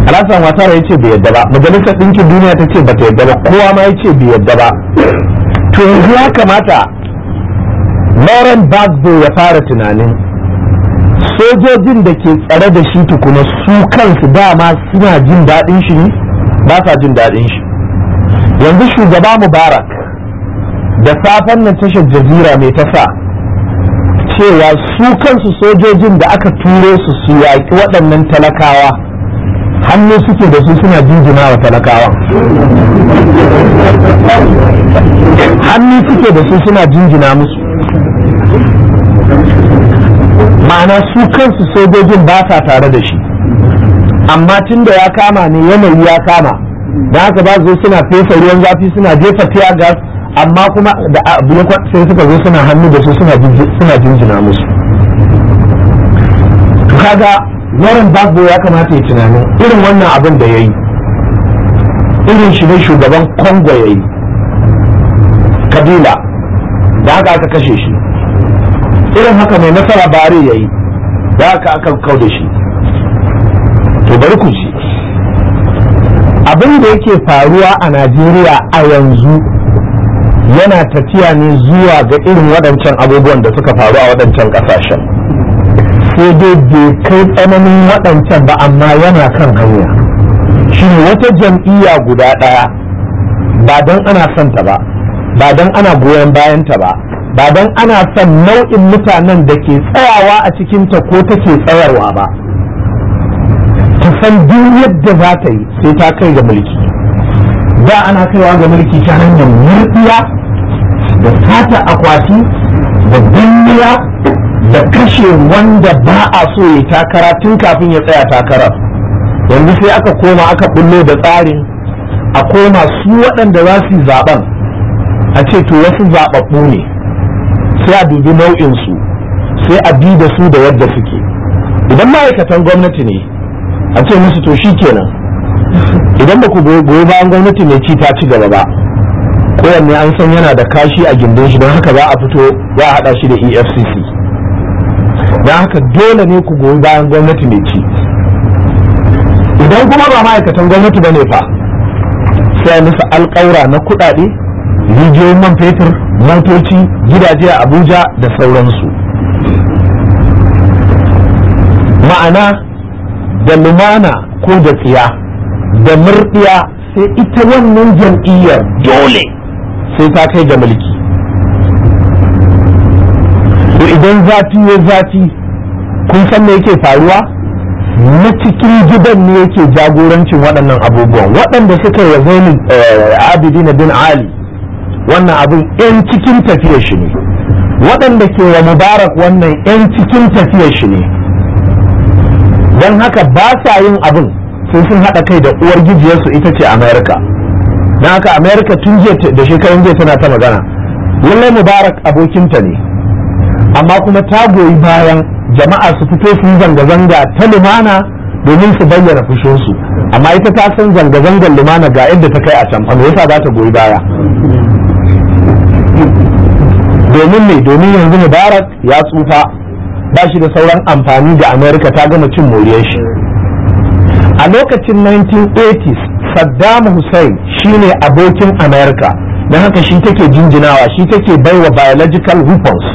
Alasa Watara ya ce bai yadda ba majalisar ɗinkin duniya ta ce bata yadda ba kowa ma yace ce bai yadda ba to yanzu ya kamata Lauren Bagbo ya fara tunanin sojojin da ke tsare da shi tukuna su kansu dama suna jin daɗin shi ne ba sa jin daɗin shi yanzu shugaba mubarak da safen nan tashar jazira mai ta sa cewa su kansu sojojin da aka turo su su yaƙi waɗannan talakawa hannu suke da su suna jinjina wa talakawa hannu suke da su suna jinjina musu ma'ana su kansu sojojin ba sa tare da shi amma tun da ya kama ne yanayi ya kama da haka ba zo suna fesa ruwan zafi suna jefa tear gas amma kuma da abu sai suka zo suna hannu da su suna jinjina musu kaga Warren Bagbo ya kamata ya tunanin irin wannan abin da ya yi irin shi ne shugaban Congo ya yi kabila da haka aka kashe shi irin haka mai nasara a yayi da aka aka kau da shi to bari ku ji abin da yake faruwa a Najeriya a yanzu yana tafiya ne zuwa ga irin waɗancan abubuwan da suka faru a waɗancan ƙasashen sai dai bai kai tsananin waɗancan ba amma yana kan hanya shi wata jam'iyya guda ɗaya ba don ana son ta ba ba don ana goyon bayanta ba ba don ana son nau'in mutanen da ke tsayawa a cikinta ko take tsayarwa ba ta san duk yadda za ta yi sai ta kai ga mulki da ana kaiwa ga mulki ta hanyar murfiya da sata akwati da danniya da kashe wanda ba a so ya takara tun kafin ya tsaya takarar yanzu sai aka koma aka bullo da tsarin a koma su waɗanda za su yi zaben a ce to wasu zaɓaɓɓu ne sai a dubi nau'in su sai a bi da su da yadda suke idan ma'aikatan gwamnati ne a ce musu to shi kenan idan ba ku goyi bayan gwamnati mai ci ta ci gaba ba kowanne an san yana da kashi a gindin shi don haka za a fito za a hada shi da efcc don haka dole ne ku goyi bayan gwamnati mai ci idan kuma ba ma'aikatan gwamnati ba ne fa sai musu alƙaura na kuɗaɗe rijiyoyin man fetur motoci gidaje a abuja da sauransu ma'ana da lumana ko da tsiya da murɗiya sai ita wannan jam'iyyar dole sai ta kai ga mulki to idan zafi ya zafi kun san me yake faruwa na cikin gidan ne yake jagorancin waɗannan abubuwan waɗanda suka yi zainin eh, abidina bin ali wannan abin yan cikin tafiyar shi ne waɗanda ke wa mubarak wannan yan cikin tafiyar shi ne don haka ba sa yin abin sun sun haɗa kai da uwar gijiyarsu ita ce amerika don haka amerika tun jiya da shekarun jiya tana ta magana lallai mubarak abokinta ne amma kuma ta goyi bayan jama'a su fito su zanga-zanga ta lumana domin su bayyana fushinsu amma ita ta san zanga-zangar lumana ga yadda ta kai a can me yasa za ta goyi baya domin ne domin yanzu mubarak ya tsufa ba shi da sauran amfani da amerika ta gama cin moriyar shi a lokacin 1980s saddam hussein ne abokin amerika don haka shi take jinjinawa shi take baiwa biological weapons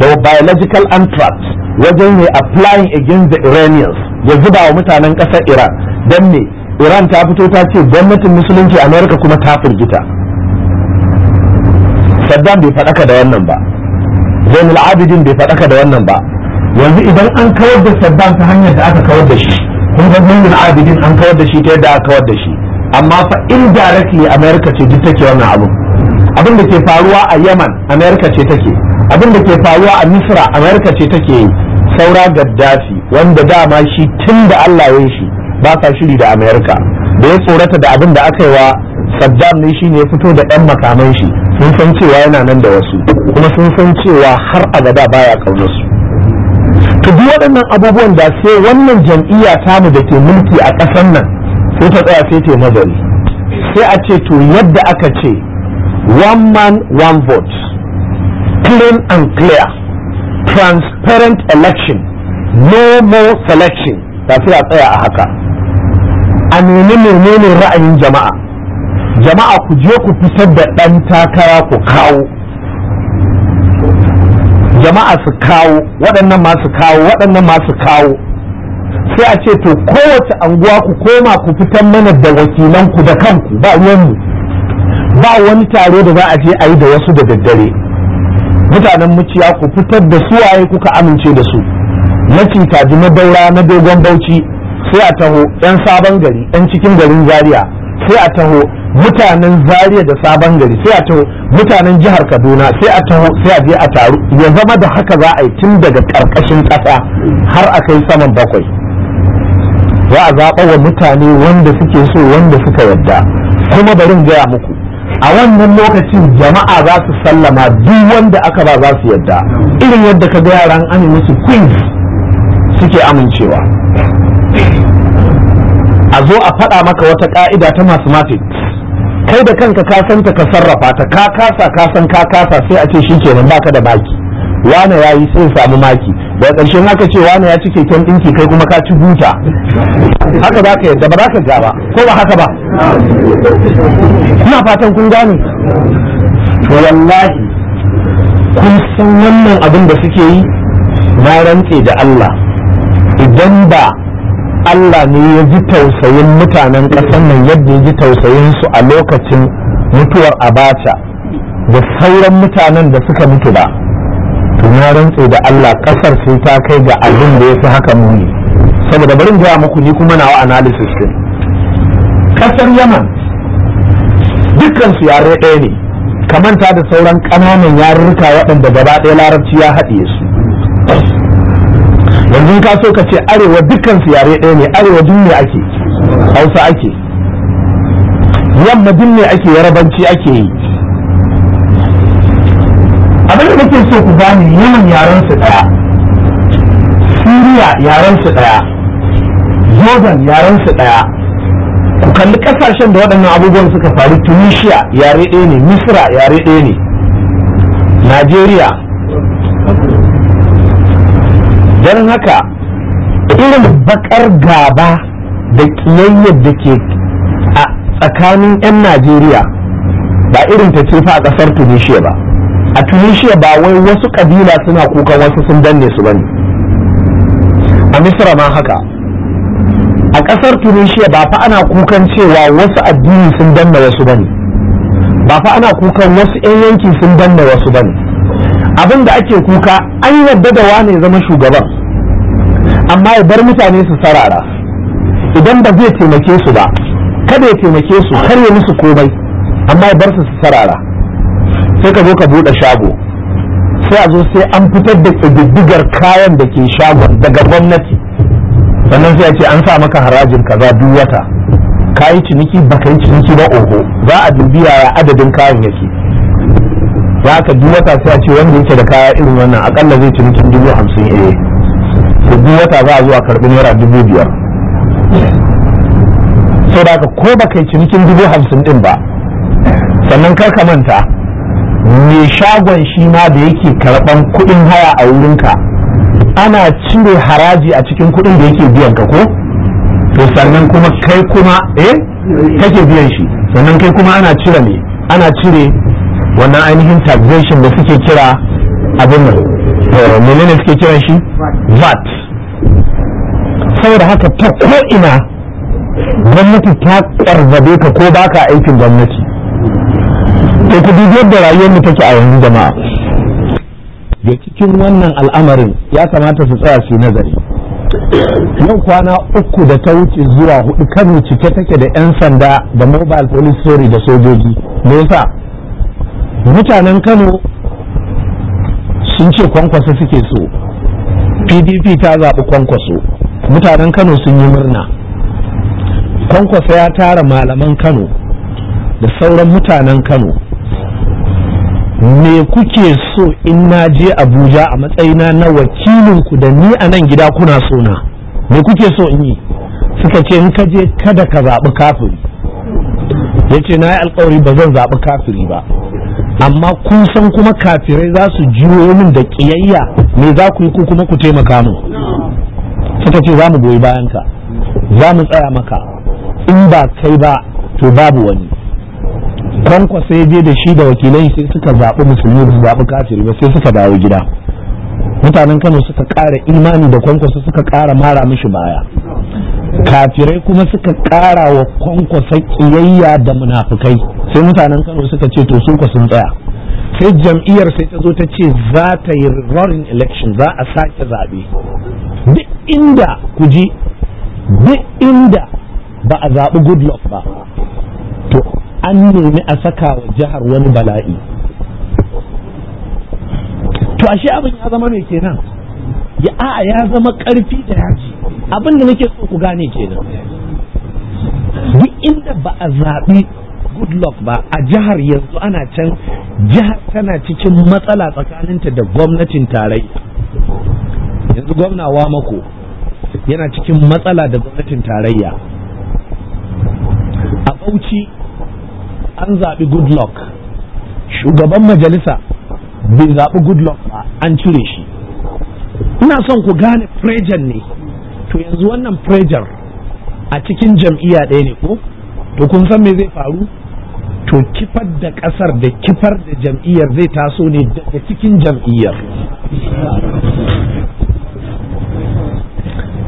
da biological anthrax wajen ne applying against the iranians ya zuba wa mutanen ƙasar iran don ne iran ta fito ta ce gwamnatin musulunci amerika kuma ta firgita saddam bai faɗaka da wannan ba zainul abidin bai faɗaka da wannan ba yanzu idan an kawar da saddam ta hanyar da aka kawar da shi kun ga zainul abidin an kawar da shi ta yadda aka kawar da shi amma fa indirectly america ce duk take wannan abu abin da ke faruwa a yaman america ce take abin da ke faruwa a misra america ce take yi saura gaddafi wanda dama shi tun da allah ya shi ba sa shiri da america da ya tsorata da abin da aka yi wa saddam ne shine ya fito da ɗan makaman shi sun san cewa yana nan da wasu kuma sun san cewa har a gada baya kaunarsu to duk waɗannan abubuwan da sai wannan jam'iyya tamu da ke mulki a ƙasar nan sai ta tsaya sai ta nazari sai a ce to yadda aka ce one man one vote clean and clear transparent election no more selection ta sai a tsaya a haka a nemi menene ra'ayin jama'a jama'a ku je ku fitar da ɗan takara ku kawo jama'a su kawo waɗannan masu kawo waɗannan masu kawo sai a ce to kowace anguwa ku koma ku fitar mana da ku da kanku ba ruwanmu ba wani tare da za a je a yi da wasu da daddare mutanen muciya ku fitar da su waye kuka amince da su na cintaji na daura na dogon bauchi sai a taho 'yan sabon gari 'yan cikin garin zaria sai a taho mutanen Zariya da sabon gari sai a taho mutanen jihar kaduna sai a taho sai a je a taru ya zama da haka za a yi tun daga karkashin ƙasa har a kai saman bakwai za a zaɓa wa mutane wanda suke so wanda suka yadda kuma barin gaya muku a wannan lokacin jama'a za su sallama duk wanda aka ba za su yadda irin yadda ka ga yaran amince quiz suke amincewa a zo a faɗa maka wata ƙa'ida ta masu mathematics kai da kanka ka san ta ka sarrafa ta ka kasa ka san ka kasa sai a ce shi kenan baka da baki wane ya yi sai samu maki da ƙarshen haka ce wane ya ci keken ɗinki kai kuma ka ci buta haka za ka yadda ba za ka ja ba ko ba haka ba ina fatan kun gane to wallahi kun san wannan abin da suke yi na rantse da Allah idan ba Allah ne ya ji tausayin mutanen ƙasar nan yadda ya ji tausayin su a lokacin mutuwar abacha da sauran mutanen da suka mutu ba to na rantse da Allah ƙasar sai ta kai ga abin da ya fi haka muni saboda barin gaya muku ni kuma nawa analysis din ƙasar yaman dukkan su yare ɗaya ne kamanta da sauran ƙananan yarurruka waɗanda gaba ɗaya larabci ya haɗiye su yanzu ka so ka ce arewa dukkan su yare ɗaya ne arewa duk ne ake hausa ake yamma duk ne ake yarabanci ake yi abin da nake so ku gane yaman yaren su ɗaya siriya yaren su ɗaya jordan yaren su ɗaya ku kalli kasashen da waɗannan abubuwan suka faru tunisia yare ɗaya ne misra yare ɗaya ne najeriya don haka irin bakar gaba da kiyayyar da ke a tsakanin 'yan najeriya ba irin ta ce fa a kasar tunisia ba a tunisia ba wai wasu kabila suna kukan wasu sun danne su bane a misra ma haka a kasar tunisia ba fa ana kukan cewa wasu addini sun danne wasu bane ba fa ana kukan wasu 'yan yanki sun danne wasu bane abin da ake kuka an yadda da wane zama shugaban amma ya bar mutane su sarara idan ba zai taimake su ba kada ya taimake su kar ya musu komai amma ya bar su su sarara sai ka zo ka buɗe shago sai a zo sai an fitar da ƙididdigar kayan da ke shagon daga gwamnati sannan sai a ce an sa maka harajin kaza duk wata ka yi ciniki ka yi ciniki ba oho za a dubi yaya adadin kayan yake za ka duk wata sai a ce wanda yake da kaya irin wannan akalla zai ci mutum dubu hamsin eh to duk wata za a zuwa karɓi naira dubu biyar sau da ko ba kai cinikin dubu hamsin din ba sannan kar ka manta mai shagon shi ma da yake karɓan kuɗin haya a wurinka ana cire haraji a cikin kuɗin da yake biyan ka ko to sannan kuma kai kuma eh kake biyan shi sannan kai kuma ana cire ne ana cire wannan ainihin taxation da suke kira abin nan eh, menene suke kiran shi vat saboda haka ta ko'ina gwamnati ta ƙarfabe ka ko ba ka aikin gwamnati to ku dubi yadda rayuwar mu take a yanzu jama'a da cikin wannan al'amarin ya kamata su tsaya su nazari yau kwana uku da ta wuce zuwa hudu kan cike take da 'yan sanda da mobile police story da sojoji me yasa mutanen kano sun ce kwankwaso suke so pdp ta zaɓi kwankwaso mutanen kano sun yi murna Kwankwasa ya tara malaman kano da sauran mutanen kano me kuke so in na je abuja a matsayina na wakilinku da ni a nan gida kuna so na me kuke so in yi suka ce in ka je kada ka zaɓi kafiri ya ce na yi alkawari ba zan zaɓi kafiri ba amma kun san kuma kafirai za su juyo min da ƙiyayya me za ku yi ku kuma ku taimaka mu suka ce za mu goyi bayanka za mu tsaya maka in ba kai ba to babu wani kwasa ya je da shi da wakilai sai suka zaɓi musulmi ba su zaɓi kafiri ba sai suka dawo gida mutanen kano suka ƙara imani da kwankwaso suka ƙara mara mishi baya kafirai kuma suka ƙara wa kwankwasa kiyayya da munafukai sai mutanen kano suka ce to su sun tsaya sai jam'iyyar sai ta zo ta ce za ta yi roaring election za a sake zaɓe duk inda ku ji duk inda ba a zaɓi goodluck ba to an nemi a saka wa jihar wani bala'i to ashe abin ya zama mai kenan ya a'a ya zama karfi da yaji abin da nake so ku gane kenan duk inda ba a zaɓi good luck ba a jihar yanzu ana can jihar tana cikin matsala tsakaninta da gwamnatin tarayya yanzu gwamna wa mako yana cikin matsala da gwamnatin tarayya a bauchi an zaɓi good luck shugaban majalisa bai zaɓi good luck ba an cire shi ina son ku gane frejan ne to yanzu wannan frejan a cikin jam'iyya ɗaya ne ko to kun san me zai faru to kifar da ƙasar da kifar da jam'iyyar zai taso ne daga cikin jam'iyyar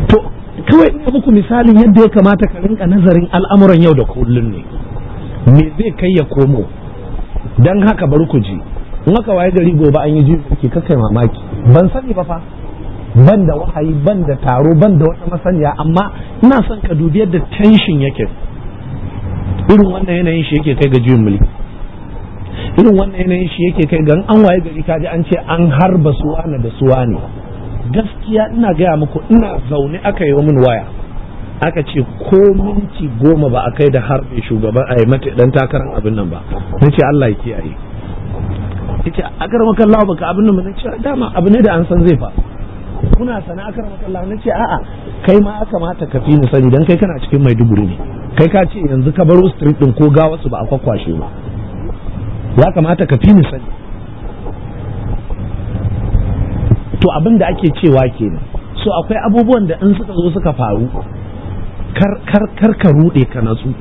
to kawai ina muku misalin yadda ya kamata ka rinka nazarin al'amuran yau da kullum ne me zai kai ya komo don haka bari ku ji in aka waye gari gobe an yi jiyo ke kakai mamaki ban sani ba fa ban da wahayi ban da taro ban da wata masaniya amma ina son ka dubi yadda tension yake irin wannan yanayin shi yake kai ga juyin mulki irin wannan yanayin shi yake kai ga an waye gari kaji an ce an harba suwana da ne. gaskiya ina gaya muku ina zaune aka yi wa min waya aka ce ko minti goma ba a kai da harbe shugaban a yi mata dan takarar abin nan ba nace Allah ya kiyaye yace maka Allah baka abin nan nace dama abu ne da an san zai fa kuna sana maka Allah nace a'a kai ma aka mata ka fi sani dan kai kana cikin Maiduguri ne kai ka ce yanzu ka baro street din ko ga wasu ba a kwakwashe ba ya kamata ka fi sani to abin da ake cewa kenan so akwai abubuwan da in suka zo suka faru kar kar ka rude ka natsu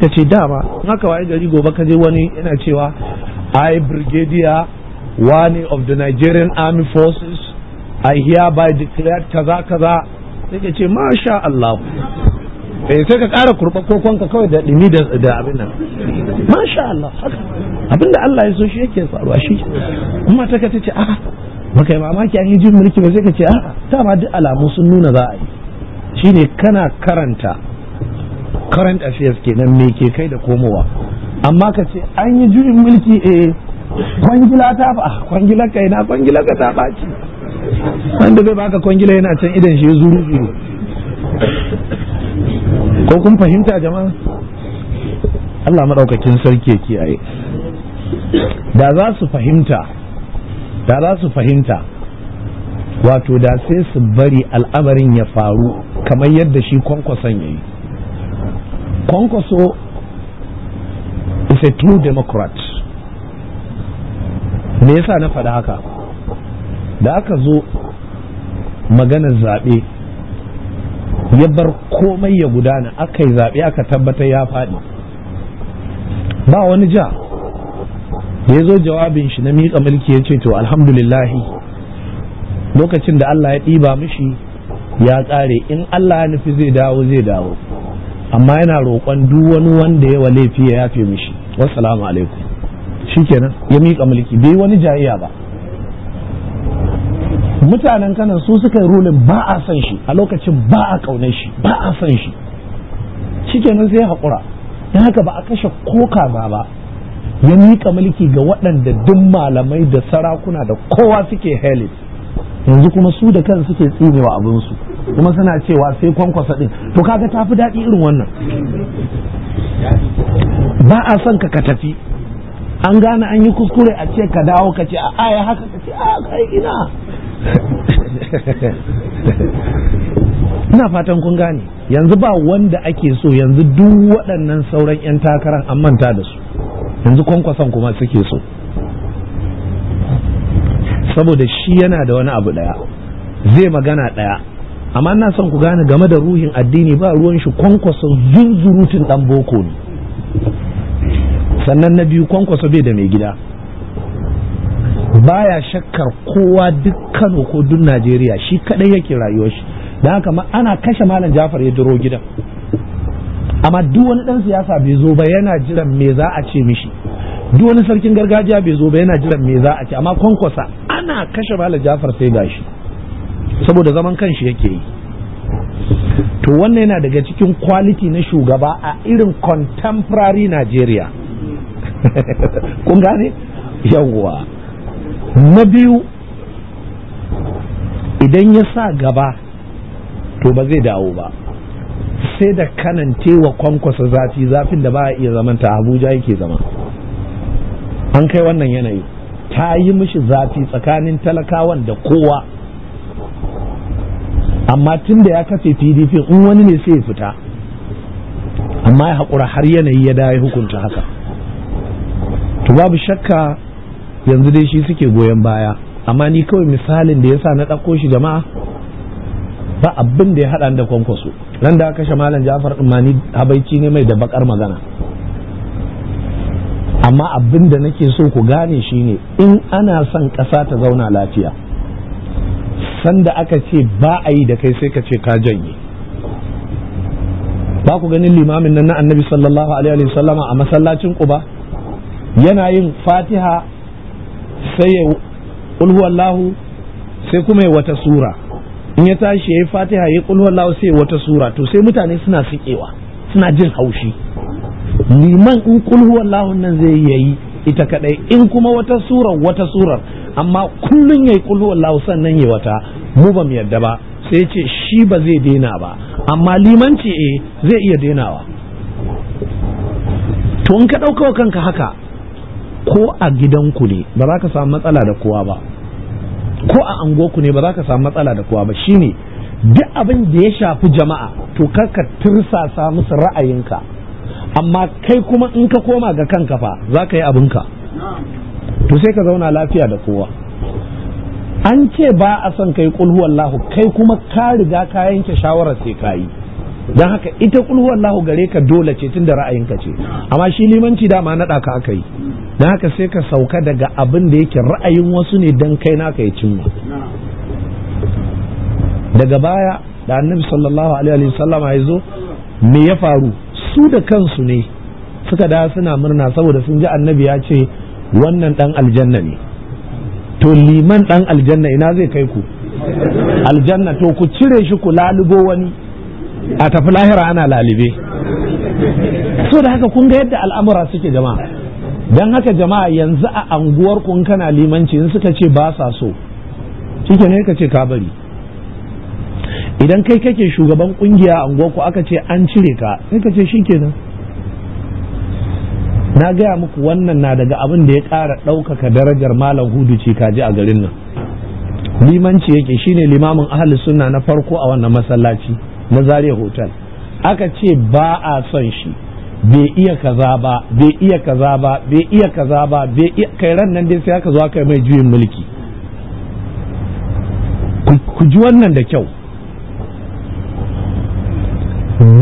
kace dama in aka waye gari gobe ka je wani yana cewa I, Brigadier, one of the Nigerian Army Forces, I hereby declare kaza kaza sai ka ce masha Allah eh sai ka ƙara kurɓa ka kawai da ɗumi da abin nan masha Allah abin da Allah ya so shi yake faruwa shi amma ta ka ce a'a ba yi mamaki an yi jin mulki ba sai ka ce a'a ta ma duk alamu sun nuna za a yi shine kana karanta current affairs kenan me ke kai da komowa amma ka ce an yi juyin mulki a eh, kwangila ta fa ah, kwangila ka na kwangila ka ta baci wanda zai baka kwangila yana can idan shi zuru zuru ko kun fahimta jama'a Allah madaukakin sarki ya kiyaye da za su fahimta da za su fahimta wato da sai su bari al'amarin ya faru kamar yadda shi kwankwason ya yi kwankwaso is a true democrat me yasa na faɗa haka da aka zo maganar zaɓe ya bar komai ya gudana aka yi zaɓe aka tabbatar ya faɗi ba wani ja ya zo jawabin shi na miƙa mulki ya ce to alhamdulillahi lokacin da Allah ya ɗiba mishi ya ƙare in Allah ya nufi zai dawo zai dawo amma yana roƙon duk wani wanda yawa laifi ya yafe mishi wassalamu alaikum shikenan ya miƙa mulki bai wani jayiya ba mutanen kanan su suka yi rulin ba a son shi a lokacin ba a ƙaunar shi ba a son shi shikenan sai haƙura don haka ba a kashe ko kaza ba ya miƙa mulki ga waɗanda duk malamai da sarakuna da kowa suke helis yanzu kuma su da kan suke tsinewa abinsu kuma suna cewa sai kwankwasa ɗin to kaga ta fi daɗi irin wannan ba a son ka ka tafi an gane an yi kuskure a ce ka dawo ka ce a aya haka ka ce a kai ina ina fatan kun gane yanzu ba wanda ake so yanzu duk waɗannan sauran 'yan takarar an manta da su yanzu kwankwason kuma suke so saboda shi yana da wani abu ɗaya zai magana ɗaya amma ina son ku gane game da ruhin addini ba ruwan shi kwankwason zunzurutun dan boko ne sannan na biyu kwankwaso bai da mai gida baya shakkar kowa duk kano ko duk najeriya shi kadai yake rayuwar shi da haka ana kashe malam jafar ya jiro gidan amma duk wani dan siyasa bai zo ba yana jiran me za a ce mishi duk wani sarkin gargajiya bai zo ba yana jiran me za a ce amma kwankwasa ana kashe malam jafar sai gashi saboda zaman kanshi yake yi to wannan yana daga cikin kwaliti na shugaba a irin contemporary Najeriya kun gane yawwa na biyu idan ya sa gaba to ba zai dawo ba sai da kanante wa kwankwasa zafi zafin da ba a iya zamanta abuja yake zama an kai wannan yanayi ta yi mishi zafi tsakanin talakawan da kowa amma tun da ya kafe pdp in wani ne sai ya fita amma ya haƙura har yanayi ya dawo hukunta haka to babu shakka yanzu dai shi suke goyon baya amma ni kawai misalin da ya sa na ɗauko shi jama'a ba abin da ya haɗa da kwankwaso nan da aka kashe malam jafar ɗin ma ni habaici ne mai da baƙar magana amma abin da nake so ku gane shi ne in ana son ƙasa ta zauna lafiya sanda aka ce ba a yi da kai sai ka ce ka janye ba ku ganin limamin nan na annabi sallallahu alaihi wasallama a masallacin quba yana yin fatiha sai ya wallahu sai kuma ya wata sura in ya tashi ya yi fatiha ya yi wallahu sai wata sura to sai mutane suna sikewa suna jin haushi liman in kulhu wallahu nan zai yayi ita kadai in kuma wata surar wata surar amma kullun yayi kullu wallahu nan yayi wata mu ba mu yadda ba sai ce shi ba zai daina ba amma limanci eh zai iya dainawa to in ka dauka wa kanka haka ko a gidanku ne ba za ka samu matsala da kowa ba ko a angoku ne ba za ka samu matsala da kowa ba shine duk abin da ya shafi jama'a to karka tursasa musu ra'ayinka amma kai kuma in ka koma ga kanka fa za ka yi abinka to sai ka zauna lafiya da kowa an ce ba a son kai kulhu wallahu kai kuma ka riga ka yanke shawara sai ka yi don haka ita kulhu wallahu gare ka dole ce tun da ra'ayinka ce amma shi limanci dama naɗa ka aka yi don haka sai ka sauka daga abin da yake ra'ayin wasu ne don kai naka ya cimma daga baya da annabi sallallahu alaihi wa sallam ya zo me ya faru su da kansu ne suka da suna murna saboda sun ji annabi ya ce wannan dan aljanna ne to liman dan aljanna ina zai kai ku aljanna to ku cire shi ku lalubo wani a tafi lahira ana lalibe so da haka kun ga yadda al'amura suke jama'a don haka jama'a yanzu a anguwar kun kana limanci in suka ce ba sa so shike ne ka ce ka bari idan kai kake shugaban kungiya a anguwar ku aka ce an cire ka sai ka ce shikenan na gaya muku wannan na daga abin da ya ƙara ɗaukaka darajar malam hudu ce kaji a garin nan limanci yake shine limamin ahli sunna na farko a wannan masallaci na zariya hotel aka ce ba a son shi bai iya kaza ba bai iya kaza ba bai iya kaza ba bai kai ran nan dai sai aka zo aka mai juyin mulki ku ji wannan da kyau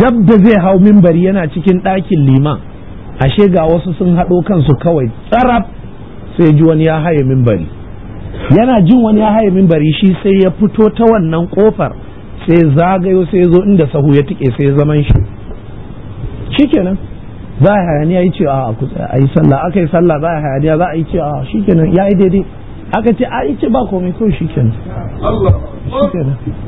dab da zai hau mimbari yana cikin ɗakin liman ashe ga wasu sun haɗo kansu kawai tsarab sai ji wani ya haye mimbari yana jin wani ya haye mimbari shi sai ya fito ta wannan kofar sai zagayo sai zo inda sahu ya tike sai zaman shi shikenan za a hayaniya yi ce a a yi sallah aka yi sallah za a hayaniya za a yi ce a shikenan ya yi daidai aka ce a yi ce ba komai kawai shikenan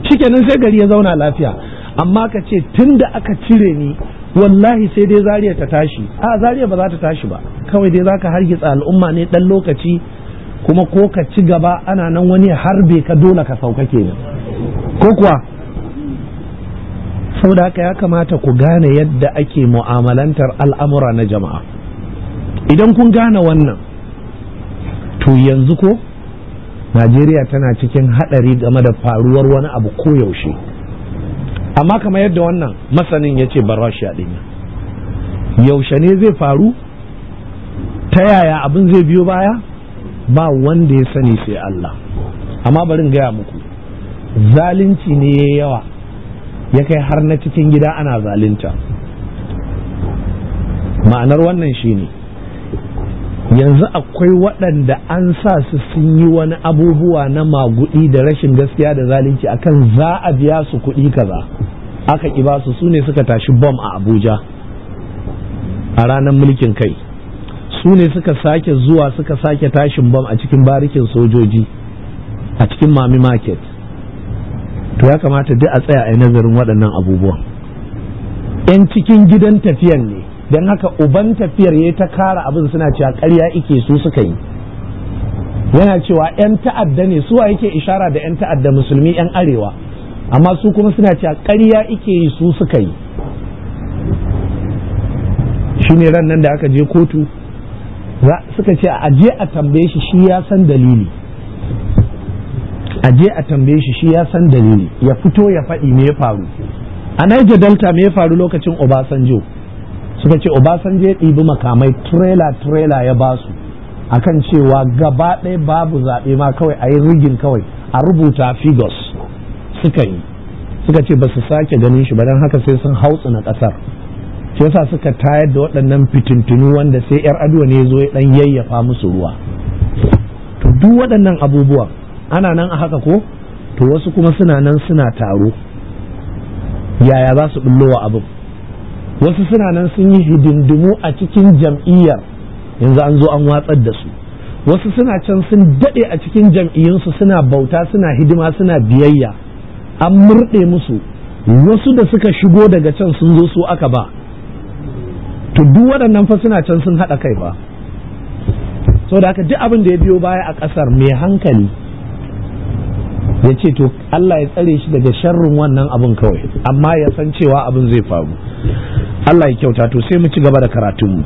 shikenan sai gari ya zauna lafiya amma ka ce tun da aka cire ni wallahi sai dai zariya ta tashi a zariya ba za ta tashi ba kawai dai zaka hargitsa al'umma ne dan lokaci kuma ko ka ci gaba ana nan wani harbe ka dole ka sauka ne ko kuwa saboda haka ya kamata ku gane yadda ake mu'amalantar al'amura na jama'a idan kun gane wannan to yanzu ko najeriya tana cikin haɗari game da faruwar wani abu koyaushe amma kamar yadda wannan masanin ya ce barashiya ɗin yaushe ne zai faru ta yaya abin zai biyo baya ba wanda ya sani sai Allah amma bari in gaya muku zalunci ne ya yawa ya kai har na cikin gida ana zalunta ma'anar wannan shi ne. yanzu akwai waɗanda an sa su sun yi wani abubuwa na magudi da rashin gaskiya da zalunci akan za a biya su kuɗi kaza aka ki ba su su ne suka tashi bom a abuja a ranar mulkin kai su ne suka sake zuwa suka sake tashin bom a cikin barikin sojoji a cikin mami market to ya kamata duk a tsaya a nazarin waɗannan abubuwan 'yan cikin gidan tafiyan ne don haka uban tafiyar ya ta kara abin suna cewa ƙarya ike su suka yi yana cewa 'yan ta'adda ne suwa yake ishara da 'yan ta'adda musulmi 'yan arewa amma su kuma suna cewa ƙarya ike yi su suka yi shi ran nan da aka je kotu suka ce a je a tambaye shi shi ya san dalili a je a tambaye shi shi ya san dalili ya fito ya faɗi me ya faru a Niger Delta me ya faru lokacin Obasanjo suka ce obasanjo ya ɗibi makamai trela trela ya ba su akan cewa gaba ɗaya babu zaɓe ma kawai a yi rigin kawai a rubuta figos suka yi suka ce ba su sake ganin shi ba don haka sai sun hautsu na ƙasar shi yasa suka tayar da waɗannan fitintunu wanda sai yar aduwa ne zo ya ɗan yayyafa musu ruwa to duk waɗannan abubuwan ana nan a haka ko to wasu kuma suna nan suna taro yaya za su ɓullo wa abin wasu suna nan sun yi hidindimu a cikin jam'iyyar yanzu an zo an watsar da su wasu suna can sun daɗe a cikin jam'iyyunsu suna bauta suna hidima suna biyayya an murɗe musu wasu da suka shigo daga can sun zo su aka ba to duk waɗannan fa suna can sun haɗa kai ba so da haka duk abin da ya biyo baya a ƙasar mai hankali ya ce to Allah ya tsare shi daga sharrin wannan abin kawai amma ya san cewa abin zai faru Allah ya kyauta to sai mu ci gaba da mu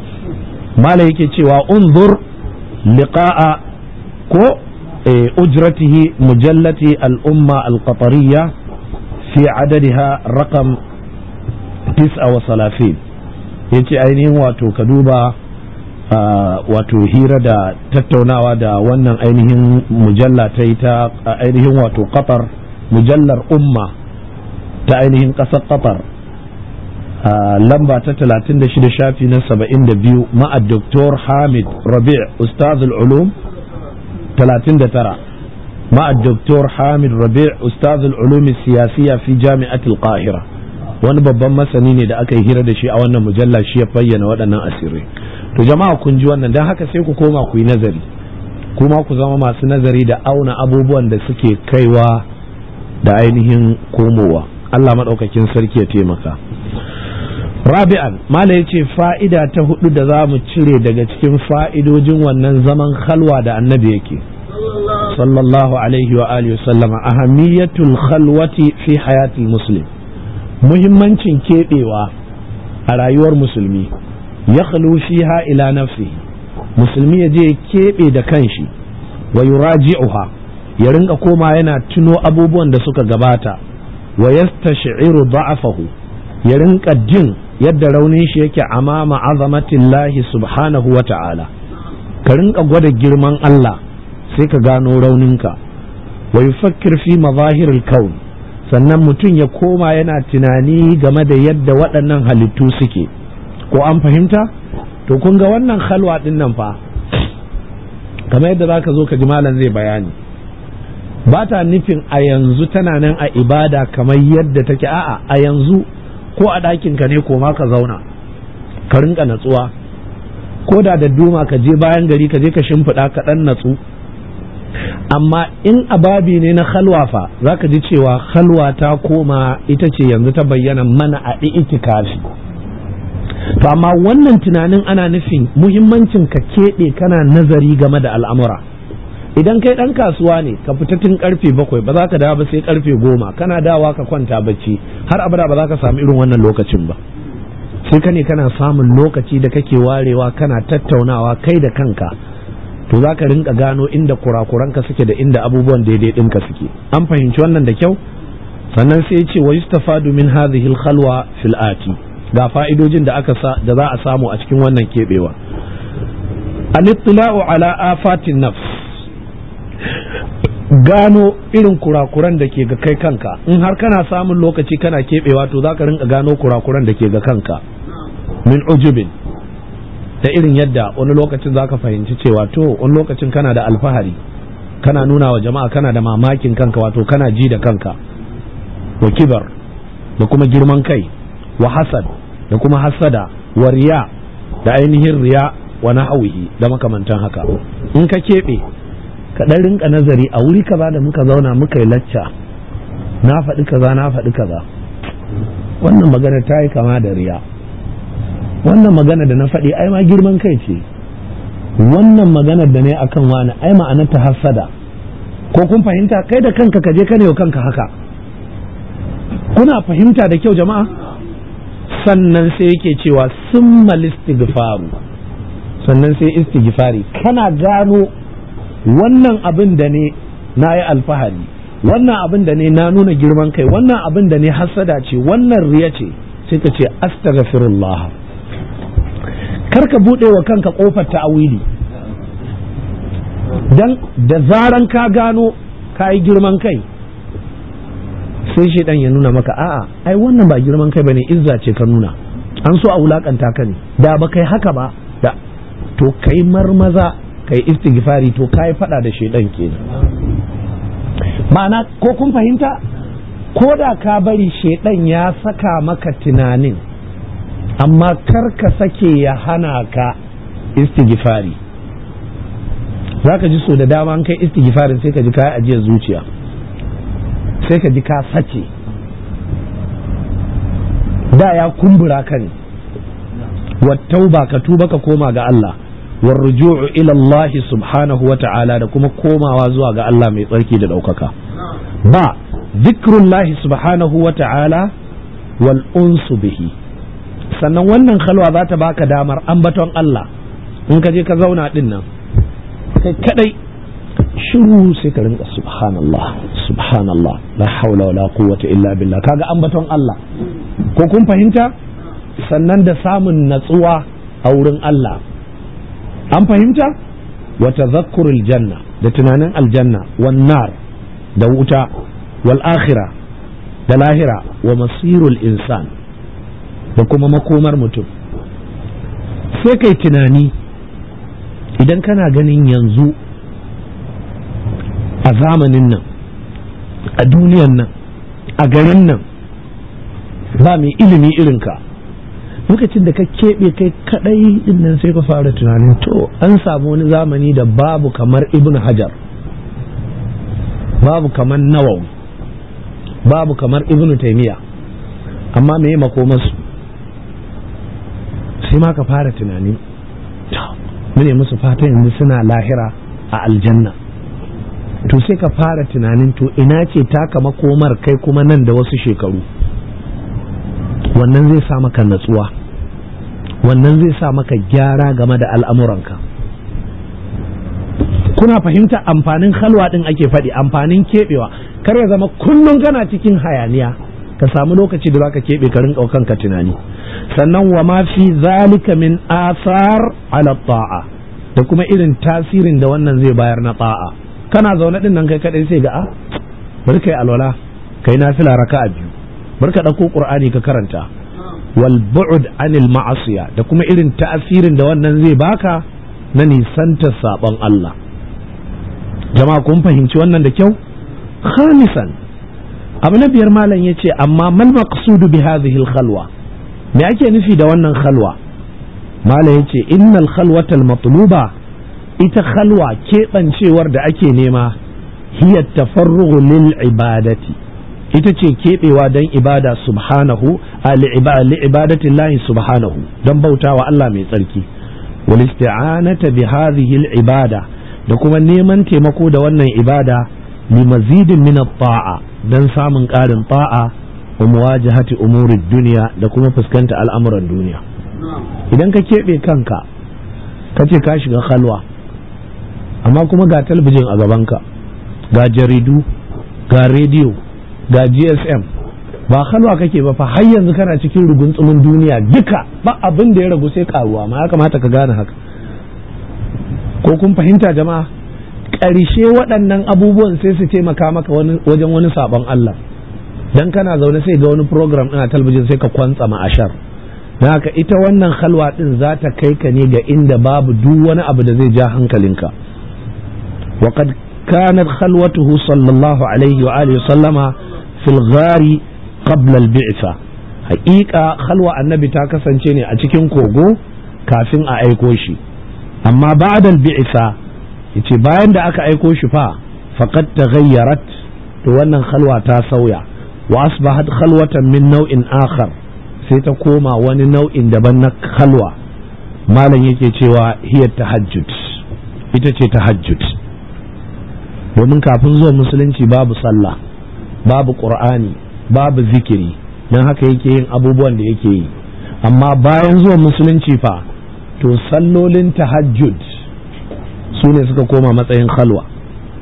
mala yake cewa unzur liqa'a ko eh, ujratihi mujallati al-umma al-qatariyya fi adadiha raqam 39 yace ainihin wato ka duba wato hira da tattaunawa da wannan ainihin mujalla ta yi ta ainihin wato kafar mujallar umma ta ainihin ƙasar kafar lamba ta 36 shafi na 72 ma'a doktor hamid rabi ustazul ulum 39 ma'a doktor hamid rabi ustazul ulum siyasiya fi jami'atul qahira wani babban masani ne da aka yi hira da shi a wannan mujalla shi ya bayyana waɗannan asirai to jama'a kun ji wannan don haka sai ku koma ku yi nazari kuma ku zama masu nazari da auna abubuwan da suke kaiwa da ainihin komowa Allah maɗaukakin sarki ya taimaka rabi'an mala yace fa'ida ta hudu da za mu cire daga cikin fa'idojin wannan zaman halwa da annabi yake sallallahu alaihi wa alihi sallama ahamiyatul khalwati fi hayatil muslim muhimmancin keɓewa a rayuwar musulmi ya ha ila nafsi musulmi ya je keɓe da kanshi wa uha ya rinƙa koma yana tuno abubuwan da suka gabata wa yastash'iru da'afahu ya rinƙa jin yadda raunin shi yake amama azamatillahi subhanahu wa ta'ala ka rinƙa gwada girman Allah sai ka gano rauninka wa yufakkir fi mazahiril kawun. sannan mutum ya koma yana tunani game da yadda waɗannan halittu suke ko an fahimta to kun ga wannan halwa ɗin nan fa kamar yadda za ka zo ka ji malam zai bayani ba ta nufin a yanzu tana nan a ibada kamar yadda take a'a a yanzu ko a ɗakin ka ne ko ma ka zauna ka rinka natsuwa ko da da duma ka je bayan gari ka je ka shimfiɗa ka ɗan natsu amma in a babi ne na halwa fa za ka ji cewa halwa ta koma ita ce yanzu ta bayyana mana a itikafi to amma wannan tunanin ana nufin muhimmancin ka keɓe kana nazari game da al'amura idan kai ɗan kasuwa ne ka fita tun karfe bakwai ba za ka dawo ba sai karfe goma kana dawa ka kwanta bacci har abada ba za ka samu irin wannan lokacin ba sai ka ne kana samun lokaci da kake warewa kana tattaunawa kai da kanka to za ka rinka gano inda kurakuran ka suke da inda abubuwan daidai ɗinka suke an fahimci wannan da kyau sannan sai ce wa yustafadu min hadhihi al-khalwa fil ati ga fa'idojin da aka da za a samu a cikin wannan kebewa al-ittila'u ala afatin nafs gano irin kurakuran da ke ga kai kanka in har kana samun lokaci kana kebewa to za ka rinka gano kurakuran da ke ga kanka min ujubin da irin yadda wani lokacin zaka fahimci cewa to wani lokacin kana da alfahari kana nuna wa jama'a kana da mamakin kanka wato kana ji da kanka wa kibar da kuma girman kai wa hasad da kuma hasada wa riya da ainihin riya wa nahawihi da makamantan haka in ka keɓe ka ɗan rinka nazari a wuri kaza da muka zauna muka yi lacca na faɗi kaza na faɗi kaza wannan magana ta yi kama da riya wannan magana da na faɗi ai ma girman kai ce wannan magana da ne akan wani ai ma'anar ta hassada ko kun fahimta kai da kanka ka je kane wa kanka haka kuna fahimta da kyau jama'a sannan sai yake cewa summal istighfaru sannan sai istighfari kana gano wannan abin da ne na yi alfahari wannan abin da ne na nuna girman kai wannan abin da ne hassada ce wannan riya ce sai ka ce astaghfirullah kar ka buɗe wa kanka ƙofar ta'awili dan da zaran ka gano ka yi girman kai sai shaidan ya nuna maka a'a ai wannan ba girman kai bane izza ce ka nuna an so a wulakanta ka ne da ba kai haka ba da to kai marmaza kai istighfari to kai fada da shaidan kenan ma'ana ko kun fahimta ko da ka bari shedan ya saka maka tunanin amma kar ka sake ya hana ka istigifari za ka ji so da dama an kai istigifarin sai ka ji ka ajiyar zuciya sai ka ji ka sace da ya kumbura ka ne wattauba ka tuba ka koma ga Allah warruju'u ila Allah subhanahu wa ta'ala da kuma komawa zuwa ga Allah mai tsarki da ɗaukaka ba zikrullahi subhanahu wa ta'ala wal unsu bihi sannan wannan khalwa za ta baka damar ambaton Allah in ka je ka zauna din nan kai kadai shiru sai ka rinka subhanallah subhanallah la haula wala quwwata illa billah kaga ambaton Allah ko kun fahimta sannan da samun natsuwa a wurin Allah an fahimta wa tadhakkurul janna da tunanin aljanna wan nar da wuta wal akhirah da lahira wa masirul insan da kuma makomar mutum sai kai tunani idan kana ganin yanzu a zamanin nan a duniyan nan a garin nan ba mai ilimi irinka lokacin da ka keɓe kai kaɗai nan sai ka fara tunanin to an samu wani zamani da babu kamar ibn hajar babu kamar nawawi babu kamar ibn taimiyya amma me makomarsu sai ma ka fara tunani mune musu fata yanzu suna lahira a aljanna to sai ka fara tunanin to ina ce taka makomar kai kuma nan da wasu shekaru wannan zai sa maka natsuwa wannan zai sa maka gyara game da al'amuranka kuna fahimta amfanin halwa din ake faɗi amfanin keɓewa kar ya zama kullum kana cikin hayaniya ka samu lokaci da za ka keɓe ka rinka kanka tunani sannan wa ma fi zalika min asar ala ta'a da kuma irin tasirin da wannan zai bayar na ta'a kana zaune din nan kai kadai sai ga a ah, bari kai alwala kai nafila raka'a biyu bari ka dauko qur'ani ka karanta wal bu'd anil ma'asiya da kuma irin tasirin da wannan zai baka na nisantar saban Allah jama'a kun fahimci wannan da kyau khamisan abu na biyar malam yace amma mal maqsudu bi hadhihi al khalwa me ake nufi da wannan khalwa malam yace innal khalwatal matluba ita khalwa keɓancewar da ake nema hiya tafarrugu lil ibadati ita ce keɓewa don ibada subhanahu li ibadati Allah subhanahu don bautawa Allah mai tsarki wal isti'anata bi hadhihi al ibada da kuma neman taimako da wannan ibada li mazidin min ta'a don samun ƙarin ta'a wa muwajahati umuri duniya da kuma fuskanta al'amuran duniya idan ka keɓe kanka ka ce ka shiga halwa amma kuma ga talabijin a gabanka ga jaridu ga rediyo ga gsm ba halwa kake ba fa har yanzu kana cikin tsumin duniya duka ba abin da ya ragu sai karuwa ma ya kamata ka gane haka ko kun fahimta jama'a ƙarshe waɗannan abubuwan sai su taimaka maka wajen wani sabon Allah dan kana zaune sai ga wani program ɗin a talbijin sai ka kwantsa ma'ashar na haka ita wannan halwa ɗin za ta kai ka ne ga inda babu duk wani abu da zai ja hankalinka waƙad kanar halwatuhu sallallahu alaihi wa alihi sallama fil ghari haƙiƙa halwa annabi ta kasance ne a cikin kogo kafin a aiko shi amma ba'da al bi'sa bayan da aka aiko shi fa faqad taghayyarat to wannan halwa ta sauya wa asbahat khalwatan min nau'in akhar sai ta koma wani nau'in daban na khalwa malam yake cewa hiya tahajjud ita ce tahajjud domin kafin zuwa musulunci babu sallah babu qur'ani babu zikiri dan haka yake yin abubuwan da yake yi amma bayan zuwa musulunci fa to sallolin tahajjud su ne suka koma matsayin khalwa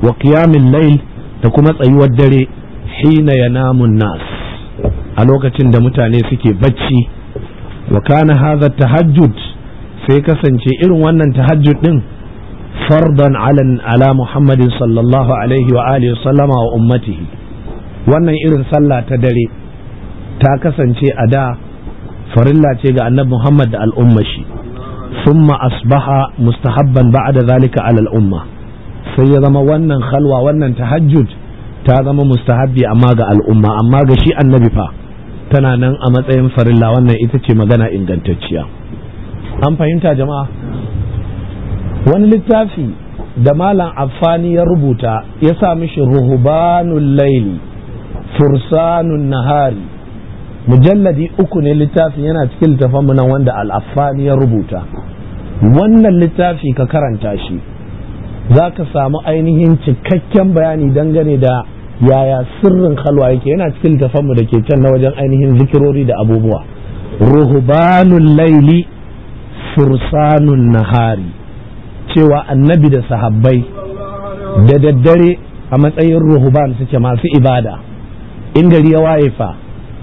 wa qiyamil layl da kuma tsayuwar dare hina yanamun nas a lokacin da mutane suke bacci wa kana hadha tahajjud sai kasance irin wannan tahajjud din fardan ala ala muhammadin sallallahu alaihi wa alihi sallama wa ummatihi wannan irin sallah ta dare ta kasance a da farilla ce ga annabi muhammad da al'umma shi summa asbaha mustahabban ba'da zalika ala al'umma sai ya zama wannan khalwa wannan tahajjud ta zama mustahabbi amma ga al'umma amma ga shi annabi fa tana nan a matsayin farilla wannan ita ce magana ingantacciya an fahimta jama'a wani littafi da malam affani ya rubuta ya sa mishi ruhubanun laili fursanun nahari mujalladi uku ne littafin yana cikin littafanmu nan wanda al'afani ya rubuta wannan littafi ka karanta shi za ka samu ainihin cikakken bayani dangane da yaya sirrin halwa yake yana cikin littafanmu da ke can na wajen ainihin zikirori da abubuwa ruhubanun laili fursanun nahari cewa annabi da sahabbai da daddare a matsayin ruhuban suke masu ibada in gari ya waye fa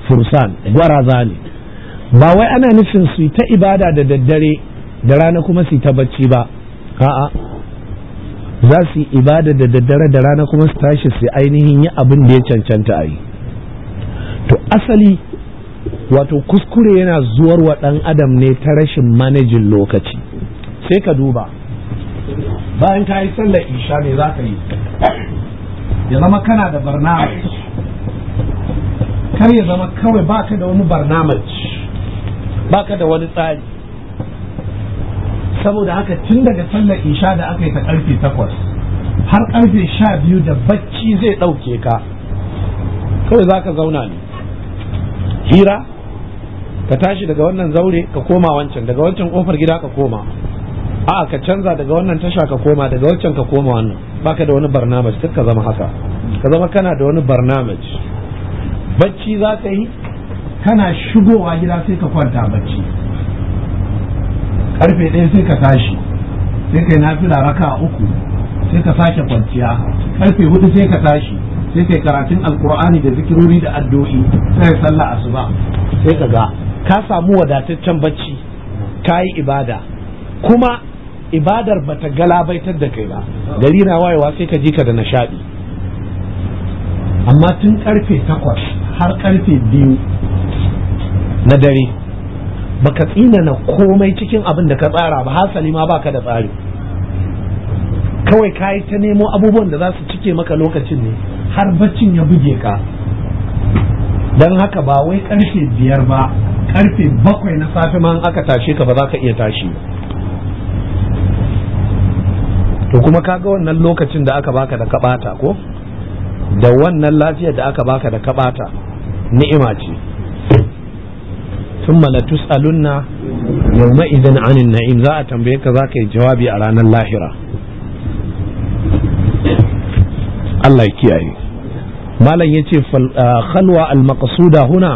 fursan gwaraza ne ba wai ana nufin su ta ibada da daddare da rana kuma su ta bacci ba a'a za su yi ibada da daddare da rana kuma su tashi su ainihin yi abin da ya cancanta a yi to asali wato kuskure yana zuwar wa ɗan adam ne ta rashin manajin lokaci sai ka duba bayan ka yi sallar isha ne za ka yi ya zama kana da barnamaj kar ya zama kawai baka da wani barnamaj baka da wani tsari saboda haka tun daga sallar isha da aka yi ta karfe takwas har karfe sha biyu da bacci zai ɗauke ka kawai za ka zauna ne hira ka tashi daga wannan zaure ka koma wancan daga wancan kofar gida ka koma a'a ka canza daga wannan tasha ka koma daga wancan ka koma wannan baka da wani barnamaj duk ka zama haka ka zama kana da wani barnamaj bacci za ka yi kana shigowa gida sai ka kwanta bacci karfe ɗaya sai ka tashi sai kai nafila raka uku sai ka sake kwanciya karfe hudu sai ka tashi sai kai karatun alkur'ani da zikirori da addu'o'i sai sallah asuba sai ka ga ka samu wadataccen bacci ka yi ibada kuma ibadar bata galabaitar da kai ba gari na wayewa sai ka ji ka da nishadi amma tun karfe takwas har karfe biyu na dare baka tsina na komai cikin abin da ka tsara ba hasali ma baka da tsari kawai ka yi ta nemo abubuwan da za su cike maka lokacin ne har baccin ya buge ka don haka ba wai karfe biyar ba karfe bakwai na safe ma aka tashe ka ba za ka iya tashi to kuma ka ga wannan lokacin da aka baka da kabata ko da wannan lafiyar da aka baka da kabata ni'ima ce sun mala tus'alunna yawma idan an na'im za a tambaye ka za ka yi jawabi a ranar lahira Allah ya kiyaye malam ya ce ah, khalwa al-maqsuda huna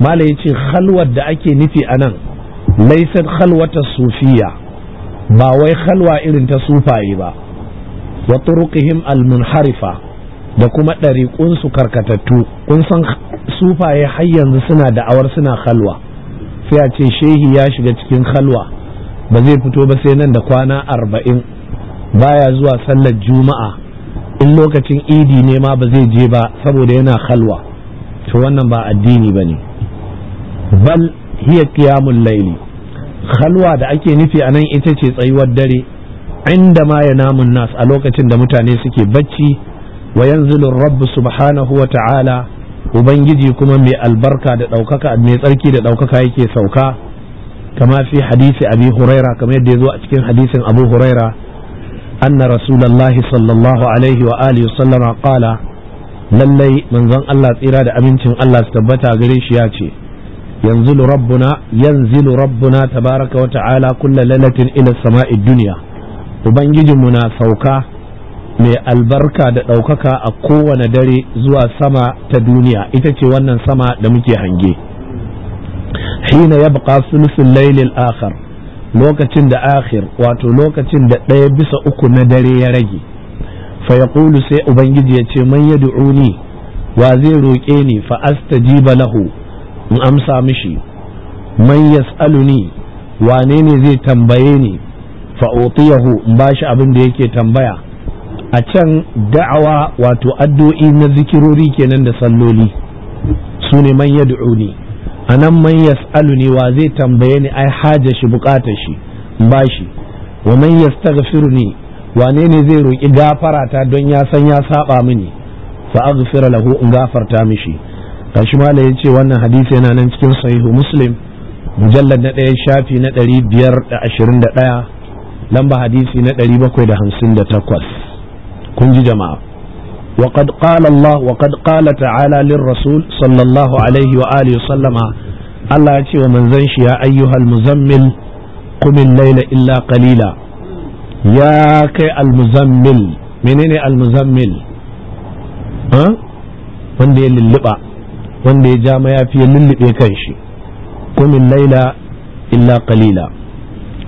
malam ya ce khalwar da ake nufi anan nan laisar khalwata sufiya ba wai khalwa irin ta sufaye ba wa turukihim al-munharifa da kuma ɗariƙunsu karkatattu kun san sufaye har yanzu suna da'awar suna halwa sai a ce shehi ya shiga cikin halwa ba zai fito ba sai nan da kwana arba'in baya zuwa sallar juma'a in lokacin idi ne ma ba zai je ba saboda yana halwa to wannan ba addini ba ne bal hiya qiyamul laili halwa da ake nufi a nan ita ce tsayuwar dare inda ma ya namun nas a lokacin da mutane suke bacci wa yanzilu rabbu subhanahu wa ta'ala ubangiji kuma mai albarka da ɗaukaka mai tsarki da ɗaukaka yake sauka kama fi hadisi abi huraira kamar yadda ya zo a cikin hadisin abu huraira anna rasulallahi sallallahu alaihi wa alihi sallama qala lallai manzon Allah tsira da abincin Allah su tabbata gare shi ya ce yanzilu rabbuna yanzilu rabbuna tabaraka wa ta'ala kullu lailatin ila sama'id dunya ubangijinmu na sauka mai albarka da ɗaukaka a kowane dare zuwa sama ta duniya ita ce wannan sama da muke hange hina ya baka sulusun lailil akhar lokacin da akhir wato lokacin da ɗaya bisa uku na dare ya rage fa ya sai ubangiji ya ce man ya uni wa zai roƙe ni fa astajiba lahu in amsa mishi man yas'aluni wane ne zai tambaye ni fa utiyahu in bashi abin da yake tambaya a can da'awa wato addu'o'i na zikirori kenan da salloli su ne man yad'uni a nan man ne wa zai tambaye ni ai haja shi bukata shi ba shi wa man ni wane ne zai roƙi gafara ta don ya san ya saba mini fa aghfira lahu in gafarta mishi kashi mala ya ce wannan hadisi yana nan cikin sahihu muslim mujallar na ɗaya shafi na ɗari biyar da ashirin ɗaya lamba hadisi na ɗari bakwai da hamsin da kun ji jama'a وقد قال الله وقد قال تعالى للرسول صلى الله عليه وآله وسلم الله يتي ومن زنش يا أيها المزمل قم الليل إلا قليلا يا كي المزمل منين المزمل ها wanda ya lulluɓa wanda ya ja mayafi ya lullube kan shi kumin laila illa qalila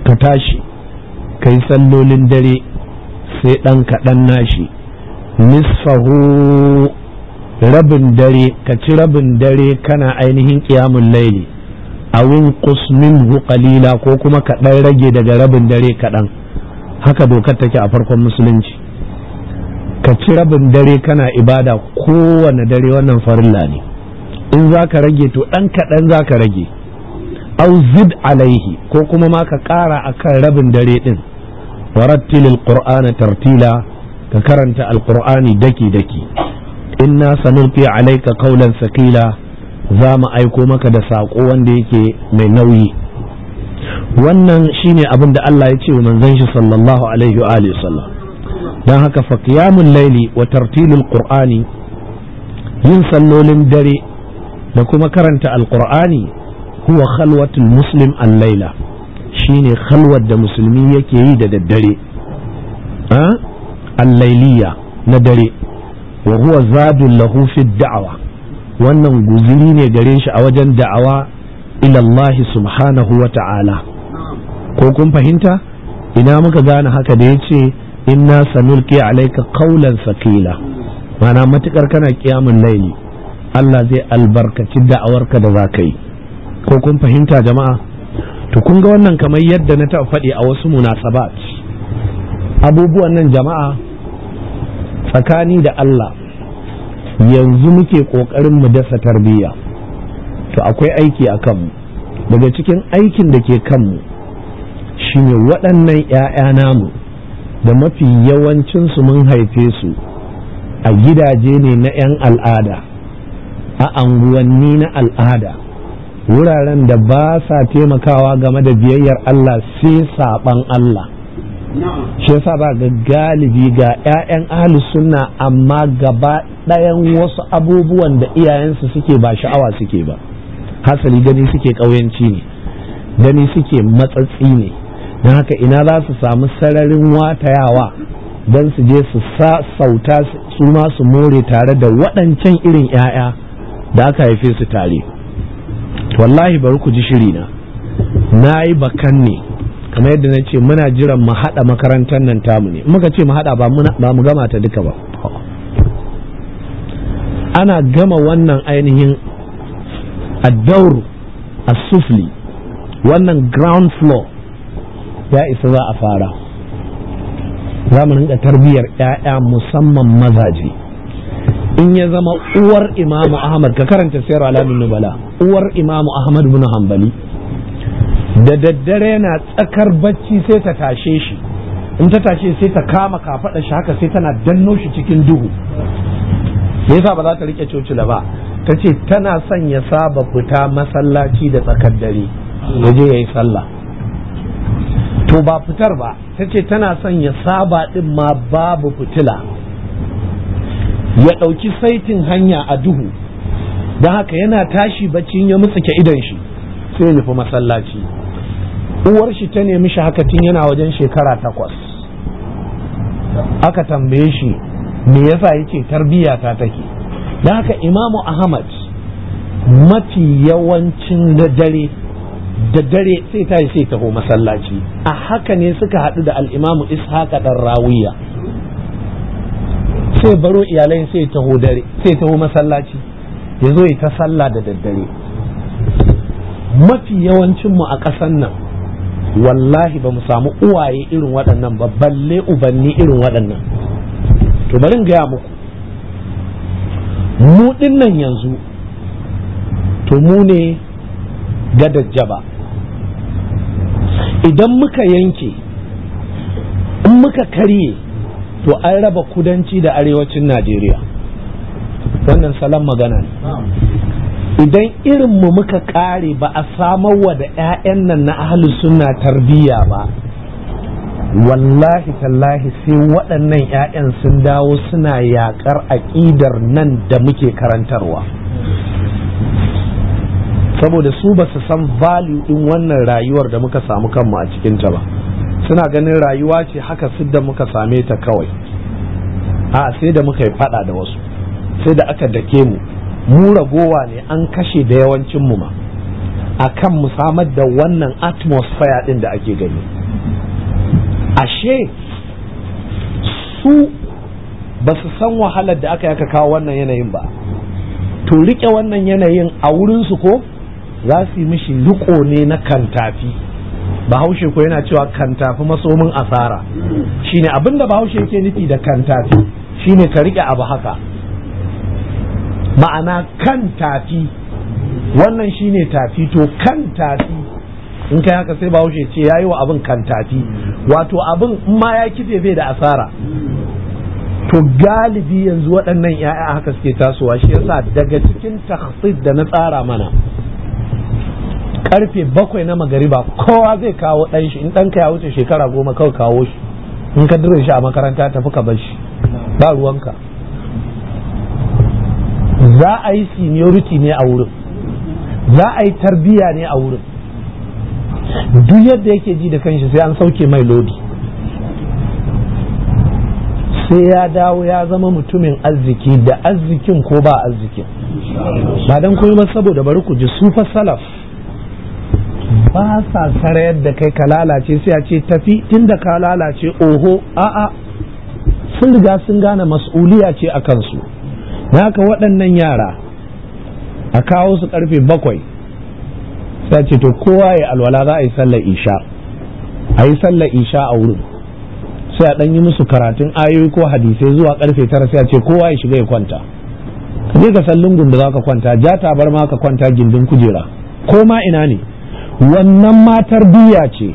ka tashi ka yi sallolin dare sai ɗan kaɗan nashi nisfahu rabin dare ka ci rabin dare kana ainihin ƙiyamun laili a wun kusmin qalila ko kuma kaɗan rage daga rabin dare kaɗan haka dokar take a farkon musulunci ka ci rabin dare kana ibada kowane dare wannan farilla ne in za ka rage to ɗan kaɗan za ka rage auzid alaihi ko kuma ma ka ƙara akan rabin dare ɗin warattil alqur'ana tartila ka karanta alqur'ani daki daki inna sanulqi alayka qawlan thaqila za mu aiko maka da saƙo wanda yake mai nauyi wannan shine abin da Allah ya ce wa manzon sallallahu alaihi wa alihi sallam dan haka fa qiyamul layli wa tartilul qur'ani yin sallolin dare da kuma karanta alqur'ani huwa khalwatul muslim al-laila shine khalwar da musulmi yake yi da daddare allailiya na dare wa huwa zadun lahu fi da'awa wannan guziri ne gare shi a wajen da'awa ilallahi subhanahu wa ta'ala ko kun fahimta ina muka gane haka da ya ce inna sanulki alaika kaulan sakila mana matukar kana kiyamun laili Allah zai albarkaci da'awarka da za ka yi ko kun fahimta jama'a to kun ga wannan kamar yadda na taɓa faɗi a wasu munasabat abubuwan nan jama'a tsakani da Allah yanzu muke ƙoƙarin mu dasa tarbiyya to akwai aiki a kanmu daga cikin aikin da ke kanmu shine waɗannan 'ya'ya namu da mafi yawancinsu mun haife su a gidaje ne na 'yan al'ada a anguwanni na al'ada wuraren da ba sa taimakawa game da biyayyar Allah sai saban Allah shi yasa ba ga galibi ga 'ya'yan ahli sunna amma gaba ɗayan wasu abubuwan da iyayensu suke ba sha'awa suke ba hasali gani suke ƙauyanci ne gani suke matsatsi ne don haka ina za su samu sararin watayawa don su je su sa sauta su ma su more tare da waɗancan irin 'ya'ya da aka haife su tare wallahi bari ku ji shiri na na yi bakan ne kamar yadda na ce muna jiran mu haɗa makarantar nan tamu ne muka ce mu haɗa ba mu gama ta duka ba ana gama wannan ainihin addaur a sufli wannan ground floor ya isa za a fara za mu rinka tarbiyyar 'ya'ya musamman mazaje in ya zama uwar imamu ahmad ka karanta sayar alamin nubala uwar imamu ahmad bin hanbali da daddare na tsakar bacci sai ta tashe shi in ta tashe sai ta kama kafaɗa shi haka sai tana danno shi cikin duhu me yasa ba za ta rike cocila ba ta ce tana son ya saba fita masallaci da tsakar dare waje je ya yi sallah to ba fitar ba ta ce tana son ya saba din ma babu fitila ya ɗauki saitin hanya a duhu don haka yana tashi baccin ya mutsuke idan shi sai ya nufi masallaci uwar shi ta nemi shi haka tun yana wajen shekara takwas aka tambaye shi me yasa yake tarbiyya ta take don haka imamu ahmad mafi yawancin dare da dare sai ta yi sai taho masallaci a haka ne suka haɗu da al'imamu ishaqa ɗan rawiya sai baro iyalai sai taho sai taho masallaci ya zo ita sallah da daddare mafi yawancinmu a ƙasan nan wallahi ba mu samu uwaye irin waɗannan ba balle ubanni irin waɗannan to bari in gaya muku mu nan yanzu to mu ne ga dajjaba idan muka yanke in muka karye to an raba kudanci da arewacin najeriya wannan salon magana ne idan irin mu muka kare ba a samar wa da 'ya'yan nan na ahli sunna tarbiyya ba wallahi tallahi sai waɗannan 'ya'yan sun dawo suna yaƙar aƙidar nan da muke karantarwa saboda su ba su san value ɗin wannan rayuwar da muka samu kanmu a cikin ta ba suna ganin rayuwa ce haka sidda muka same ta kawai a sai da muka yi faɗa da wasu sai da aka dake mu mu ragowa ne an kashe da yawancin mu ma akan mu samar da wannan atmosphere din da ake gani ashe su ba su san wahalar da aka yaka kawo wannan yanayin ba to rike wannan yanayin a wurinsu ko za su yi mishi riko ne na kantafi bahaushe ko yana cewa kantafi masomin asara shine abinda bahaushe yake nufi da kantafi shine ka rike abu haka ma'ana kan tafi wannan shine tafi to kan tafi in kai haka sai bahaushe ce ya yi wa abin kan tafi wato abin ma ya kife bai da asara to galibi yanzu waɗannan 'ya'ya haka suke tasowa shi yasa daga cikin takhsid da na tsara mana karfe bakwai na magariba kowa zai kawo ɗan shi in ɗanka ya wuce shekara goma kawai kawo shi in ka dire shi a makaranta tafi ka bar shi ba ruwanka za a yi seniority ne a wurin za a yi tarbiya ne a wurin duk yadda yake ji da kanshi sai an sauke mai lodi sai ya dawo ya zama mutumin arziki da arzikin ko ba arzikin ba don kuma saboda bari ku ji su salaf ba sa tsara yadda kai ka lalace sai a ce tafi da ka lalace oho a'a sun riga sun gane mas'uliya ce a kansu ka waɗannan yara a kawo su ƙarfe bakwai sai ce to kowa ya alwala za a yi sallar isha a yi sallar isha a wurin sai a ɗan musu karatun ayoyi ko hadisai zuwa ƙarfe tara sai a ce kowa ya shiga ya kwanta je ka san lungun da za ka kwanta ja bar ma ka kwanta gindin kujera ko ma ina ne wannan matar biya ce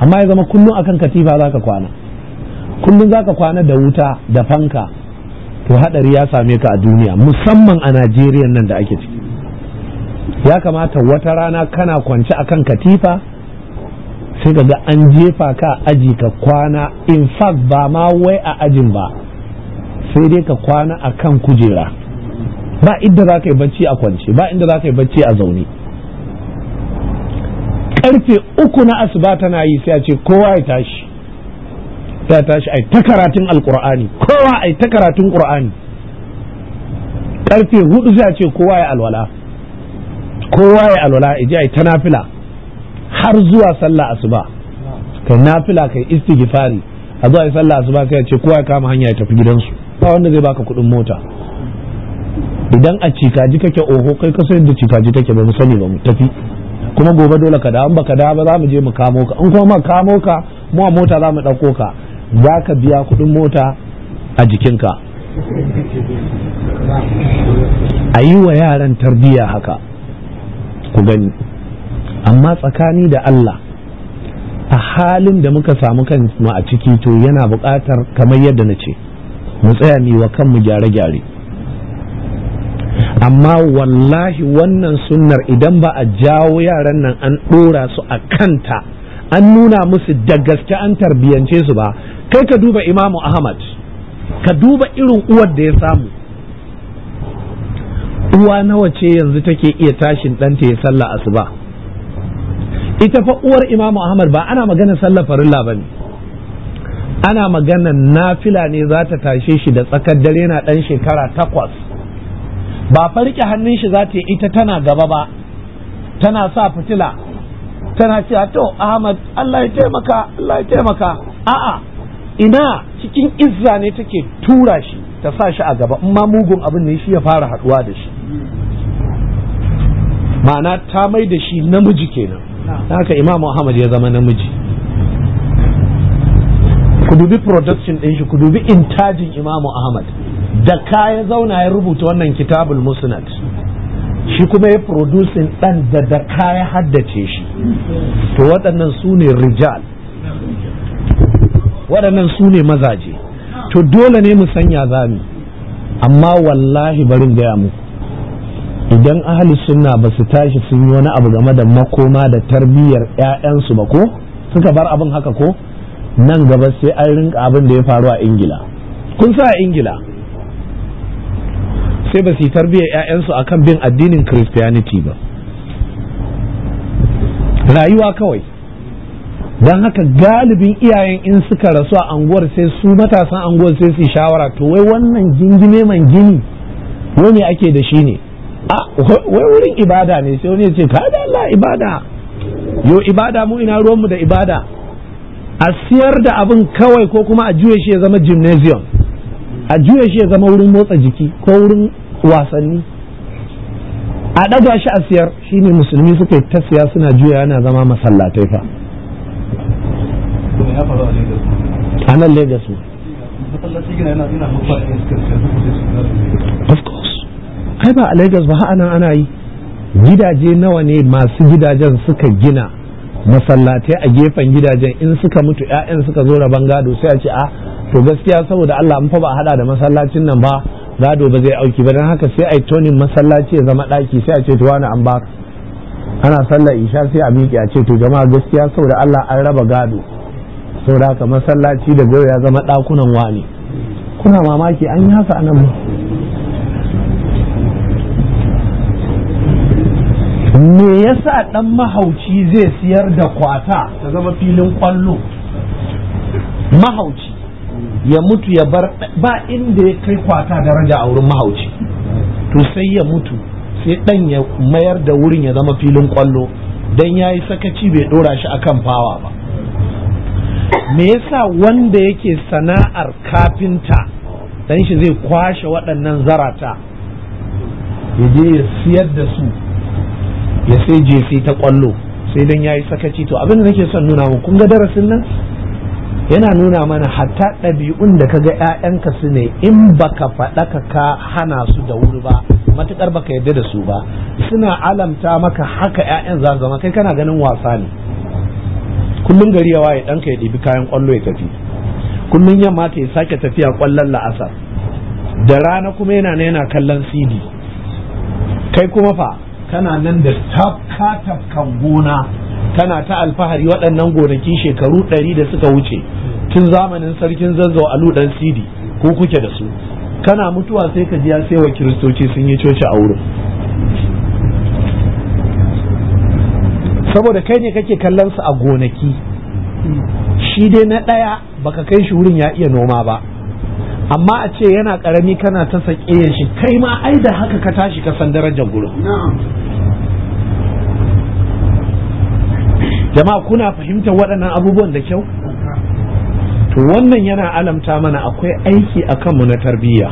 amma ya zama kullum akan katifa za ka kwana kullum za ka kwana da wuta da fanka to hadari ya same ka a duniya musamman a najeriya nan da ake ciki ya kamata wata rana kana kwance akan katifa sai ka ga an jefa ka aji ka kwana in fact ba ma wai a ajin ba sai dai ka kwana akan kujera ba inda za ka yi bacci a kwance ba inda za ka yi bacci a zaune karfe uku na asuba tana yi sai a ce kowa ya tashi ta tashi ai ta karatun alqur'ani kowa ai ta karatun qur'ani karfe hudu sai a ce kowa ya alwala kowa ya alwala a ai ta nafila har zuwa sallah asuba kai nafila kai istighfari a zuwa sallah asuba sai ya ce kowa ya kama hanya ya tafi gidansu ba wanda zai baka kuɗin mota idan a cikaji kake oho kai ka san da cikaji take ba mu sani ba mu tafi kuma gobe dole ka da an baka da ba za mu je mu kamo ka in kuma ma kamo ka mu a mota za mu ɗauko ka za ka biya kuɗin mota a jikinka a yi wa yaran tarbiyya haka ku gani amma tsakani da Allah a halin da muka samu kanmu a ciki to yana buƙatar kamar yadda na ce mu tsaya mi wa kanmu gyare-gyare amma wallahi wannan sunnar idan ba a jawo yaran nan an ɗora su a kanta an nuna musu da gaske an tarbiyance su ba kai ka duba imamu ahmad ka duba irin uwar da ya samu uwa nawa ce yanzu take iya tashin ɗanta ya sallah asuba ita fa uwar imamu ahmad ba ana magana sallah farilla ba ne ana magana nafila ne za ta tashe shi da tsakar dare na ɗan shekara takwas ba farke hannun shi za ta yi ita tana gaba ba tana sa fitila tana a to Ahmad Allah ya taimaka Allah ya taimaka a'a ina cikin izza ne take tura shi ta sa shi a gaba amma mugun abin ne shi ya fara haduwa da shi ma'ana ta mai da shi namiji kenan haka Imam Ahmad ya zama namiji ku dubi production din shi ku dubi intajin Imam Ahmad da ka ya zauna ya rubuta wannan kitabul musnad shi kuma ya producing ɗan da da kaya haddace shi to waɗannan su ne rijal waɗannan su ne mazaje to dole ne mu sanya zami amma wallahi barin gaya muku idan ahli sunna ba su tashi sun yi wani abu game da makoma da tarbiyyar 'ya'yansu ba ko suka bar abin haka ko nan gaba sai an rinka abin da ya faru a ingila kun sa a ingila sai ba su yi tarbiyyar 'ya'yansu akan bin addinin christianity ba rayuwa kawai don haka galibin iyayen in suka rasu a anguwar sai su matasan anguwar sai su shawara to wai wannan jingine man gini wani ake da shi ne a wai wurin ibada ne sai wani ya ce kada Allah ibada yo ibada mu ina ruwanmu da ibada a siyar da abin kawai ko kuma a juye shi ya zama gymnasium a juya shi ya zama wurin motsa jiki ko wurin wasanni a ɗaga shi a siyar shi ne musulmi suka ta siya suna juya yana zama masallatai fa a nan Legas ne of course ai ba a Legas ba ha'anan ana yi gidaje nawa ne masu gidajen suka gina masallatai a gefen gidajen in suka mutu 'ya'yan suka zo rabon gado sai a ce a ah, to gaskiya saboda Allah an fa ba a hada da masallacin nan ba gado ba zai auki ba don haka sai a yi tonin masallaci ya zama ɗaki sai a ce to wani an ba ana sallar isha sai a miƙe a ce to jama'a gaskiya saboda Allah an raba gado saboda haka masallaci da gado ya zama ɗakunan wani kuna mamaki an yi haka anan ma me yasa dan mahauci zai siyar da kwata ta zama filin kwallo mahauci ya mutu ya bar ba inda ya kai kwata daraja a wurin mahauci to sai ya mutu sai dan ya mayar da wurin ya zama filin kwallo dan yayi sakaci bai dora shi akan fawa ba me yasa wanda yake sana'ar kafinta dan shi zai kwashe waɗannan zarata ya je ya siyar da su ya sai jefe ta kwallo sai dan yayi sakaci to abin da nake son nuna mu kun ga darasin nan yana nuna mana hatta ɗabi'un da kaga ‘ya'yanka su ne in baka faɗa ka hana su da wuri ba matuƙar baka yarda da su ba suna alamta maka haka ‘ya'yan za zama kai kana ganin wasa ne kullum gari ya waye ɗanka ya ɗibi kayan ƙwallo ya tafi kullum yamma ta ya sake tafiya ƙwallon la'asar da rana kuma yana yana kallon sidi kai kuma fa kana nan da tafka tafkan gona tana ta alfahari waɗannan gonakin shekaru ɗari da suka wuce tun zamanin sarkin zazzau a luɗan sidi ko kuke da su kana mutuwa sai ka ji ya sai wa kiristoci sun yi coci a wurin saboda kai ne kake kallon su a gonaki shi dai na ɗaya baka kai shi wurin ya iya noma ba amma a ce yana ƙarami kana ta sake shi kai ma ai da haka ka tashi ka san darajar gurin jama'a kuna fahimtar waɗannan abubuwan da kyau to wannan yana alamta mana akwai aiki a kanmu na tarbiyya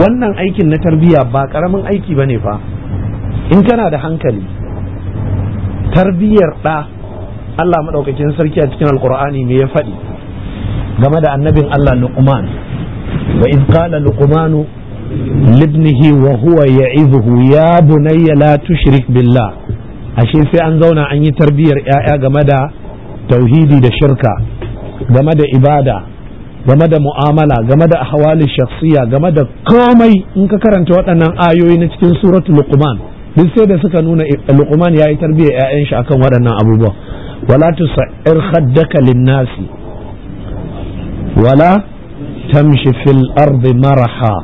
wannan aikin na tarbiyya ba ƙaramin aiki ba ne fa in kana da hankali tarbiyyar ɗa Allah maɗaukacin sarki a cikin alkur'ani me ya faɗi game da annabin Allah luqman wa in qala luqmanu libnihi wa huwa ya bunayya la tushrik billah ashe sai an zauna an yi tarbiyyar 'ya'ya game da tauhidi da shirka game da ibada game da mu'amala game da ahwalin shakhsiya game da komai in ka karanta waɗannan ayoyi na cikin suratu luqman duk sai da suka nuna luqman yayi tarbiyyar 'ya'yan shi akan waɗannan abubuwa wala tusair haddaka linnasi wala tamshi fil ardi maraha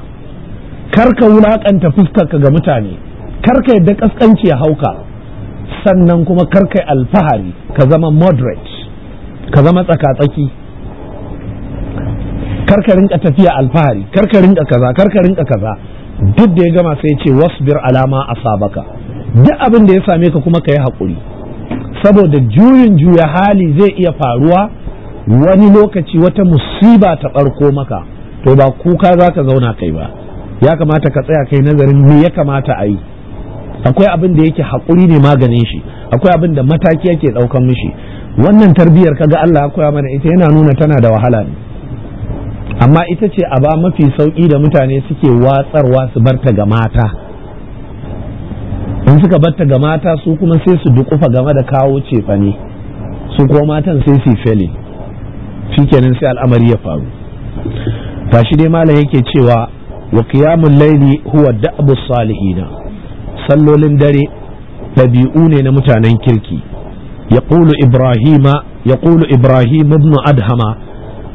karka wulakanta fuskarka ga mutane kar ka yadda kaskanci ya hauka sannan kuma karkai alfahari ka zama moderate ka zama tsakatsaki karka rinka tafiya alfahari karka rinka kaza karka rinka kaza duk da ya gama sai ce wasbir alama a asabaka duk abin da ya same ka kuma ka yi haƙuri saboda juyin juya hali zai iya faruwa wani lokaci wata musiba ta ɓarko maka to ba kuka za ka zauna kai ba ya kamata ka tsaya kai nazarin me ya kamata a yi akwai abin da yake haƙuri ne maganin shi akwai abin da mataki yake ɗaukan mishi wannan tarbiyyar kaga Allah ya koya mana ita yana nuna tana da wahala ne amma ita ce a ba mafi sauƙi da mutane suke watsarwa su barta ga mata in suka barta ga mata su kuma sai su dukufa game da kawo cefane su kuma matan sai su fele kenan sai al'amari ya faru shi dai malam yake cewa wa qiyamul layli huwa da'bu salihina sallolin dare ɗabi'u ne na mutanen kirki ya ibrahima ya ibrahim ibn adhama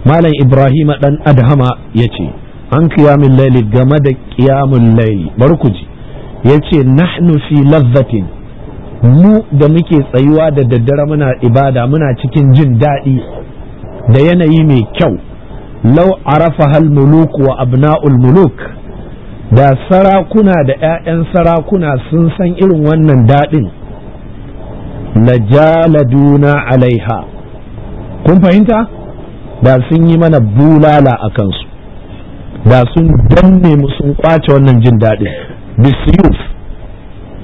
malam ibrahima dan adhama ya ce an kiyamin laili game da kiyamun laili bari ku ji ya ce nahnu fi lazzatin mu da muke tsayuwa da daddare muna ibada muna cikin jin daɗi da yanayi mai kyau lau arafa hal muluk wa abna'ul muluk da sarakuna da 'ya'yan sarakuna sun san irin wannan daɗin jaladuna alaiha kun fahimta da sun yi mana bulala a kansu da sun danne mu sun kwace wannan jin daɗin bisyuf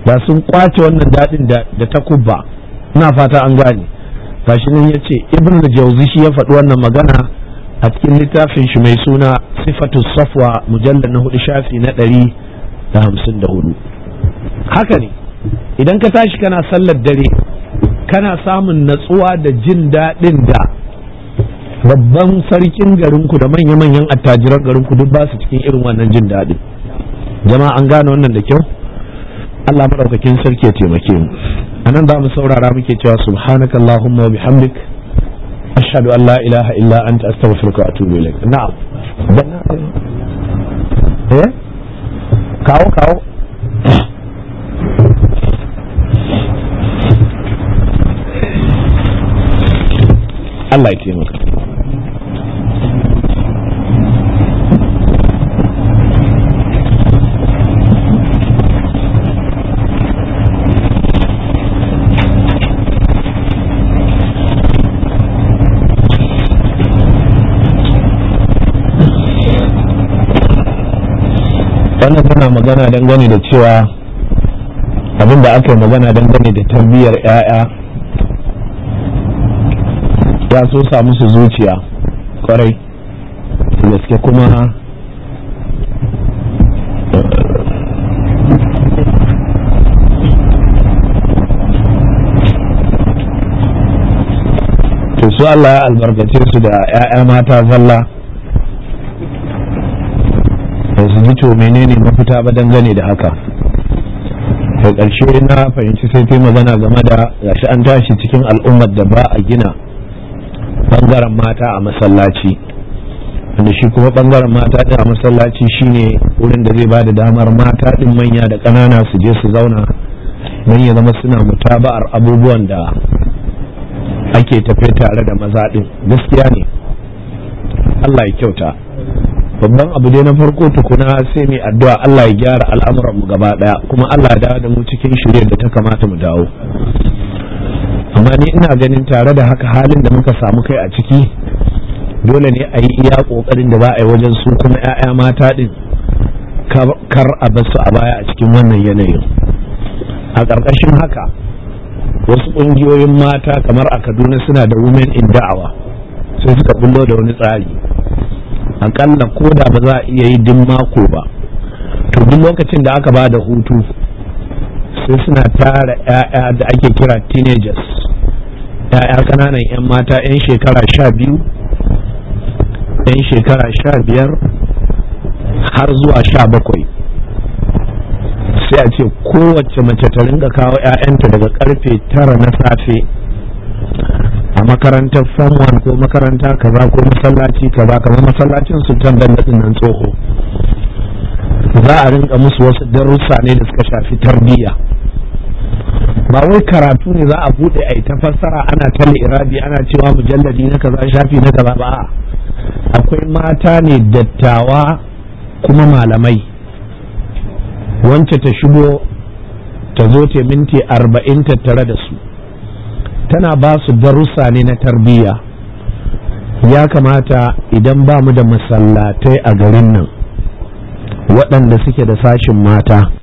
da sun kwace wannan daɗin da takubba ina fata an gane gashi nan ya ce ibn jauzi shi ya faɗi wannan magana a cikin littafin shi mai suna sifatu safwa mujallar na hudu shafi na ɗari da hamsin da hudu haka ne idan ka tashi kana sallar dare kana samun natsuwa da jin daɗin da babban sarkin garinku da manya-manyan attajiran garinku duk ba su cikin irin wannan jin daɗin jama'a an gane wannan da kyau Allah maɗaukakin sarki ya taimake mu anan za mu saurara muke cewa subhanakallahumma wa bihamdik ashhadu an la ilaha illa anta astaghfiruka wa atubu ilaik na'am eh kawo kawo Allah ya taimaka wannan tana magana dangane da cewa abin da aka yi magana dangane da tarbiyyar 'ya'ya ya so samu musu zuciya kwarai gaske kuma su Allah ya albarkace su da 'ya'ya mata zalla to menene mafita ba dangane da haka da ƙarshe na fahimci sai ta magana game da gashi an tashi cikin al'ummar da ba a gina bangaren mata a masallaci wanda shi kuma bangaren mata ɗin a masallaci shine wurin da zai ba da damar mata ɗin manya da ƙanana su je su zauna don ya zama suna mutaba'ar abubuwan da ake tafe tare da maza ɗin gaskiya ne Allah ya kyauta babban abu dai na farko tukuna sai mai addu'a Allah ya gyara al'amuran mu gaba daya kuma Allah ya dawo da mu cikin shirye da ta kamata mu dawo amma ni ina ganin tare da haka halin da muka samu kai a ciki dole ne a yi iya kokarin da ba a yi wajen su kuma 'ya'ya mata din kar a basu a baya a cikin wannan yanayin a ƙarƙashin haka wasu ƙungiyoyin mata kamar a kaduna suna da women in da'awa sai suka bullo da wani tsari akalla ko da ba za a iya yi din mako ba to duk lokacin da aka ba da hutu sai suna tara 'ya'ya da ake kira teenagers 'ya'ya kananan 'yan mata 'yan shekara sha biyu 'yan shekara sha biyar har zuwa sha bakwai sai a ce kowace mace ta ringa kawo 'ya'yanta daga karfe tara na safe a makarantar form ko makaranta kaza ko masallaci kaza kamar masallacin sultan dan dadin nan tsoho za a rinka musu wasu darussa ne da suka shafi tarbiyya ba wai karatu ne za a bude a ta fassara ana ta irabi ana cewa mujalladi na kaza shafi na kaza ba akwai mata ne dattawa kuma malamai Wancan ta shigo ta zo ta minti arba'in tattare da su tana ba su darussa ne na tarbiyya ya kamata idan ba mu da masallatai a garin nan waɗanda suke da sashin mata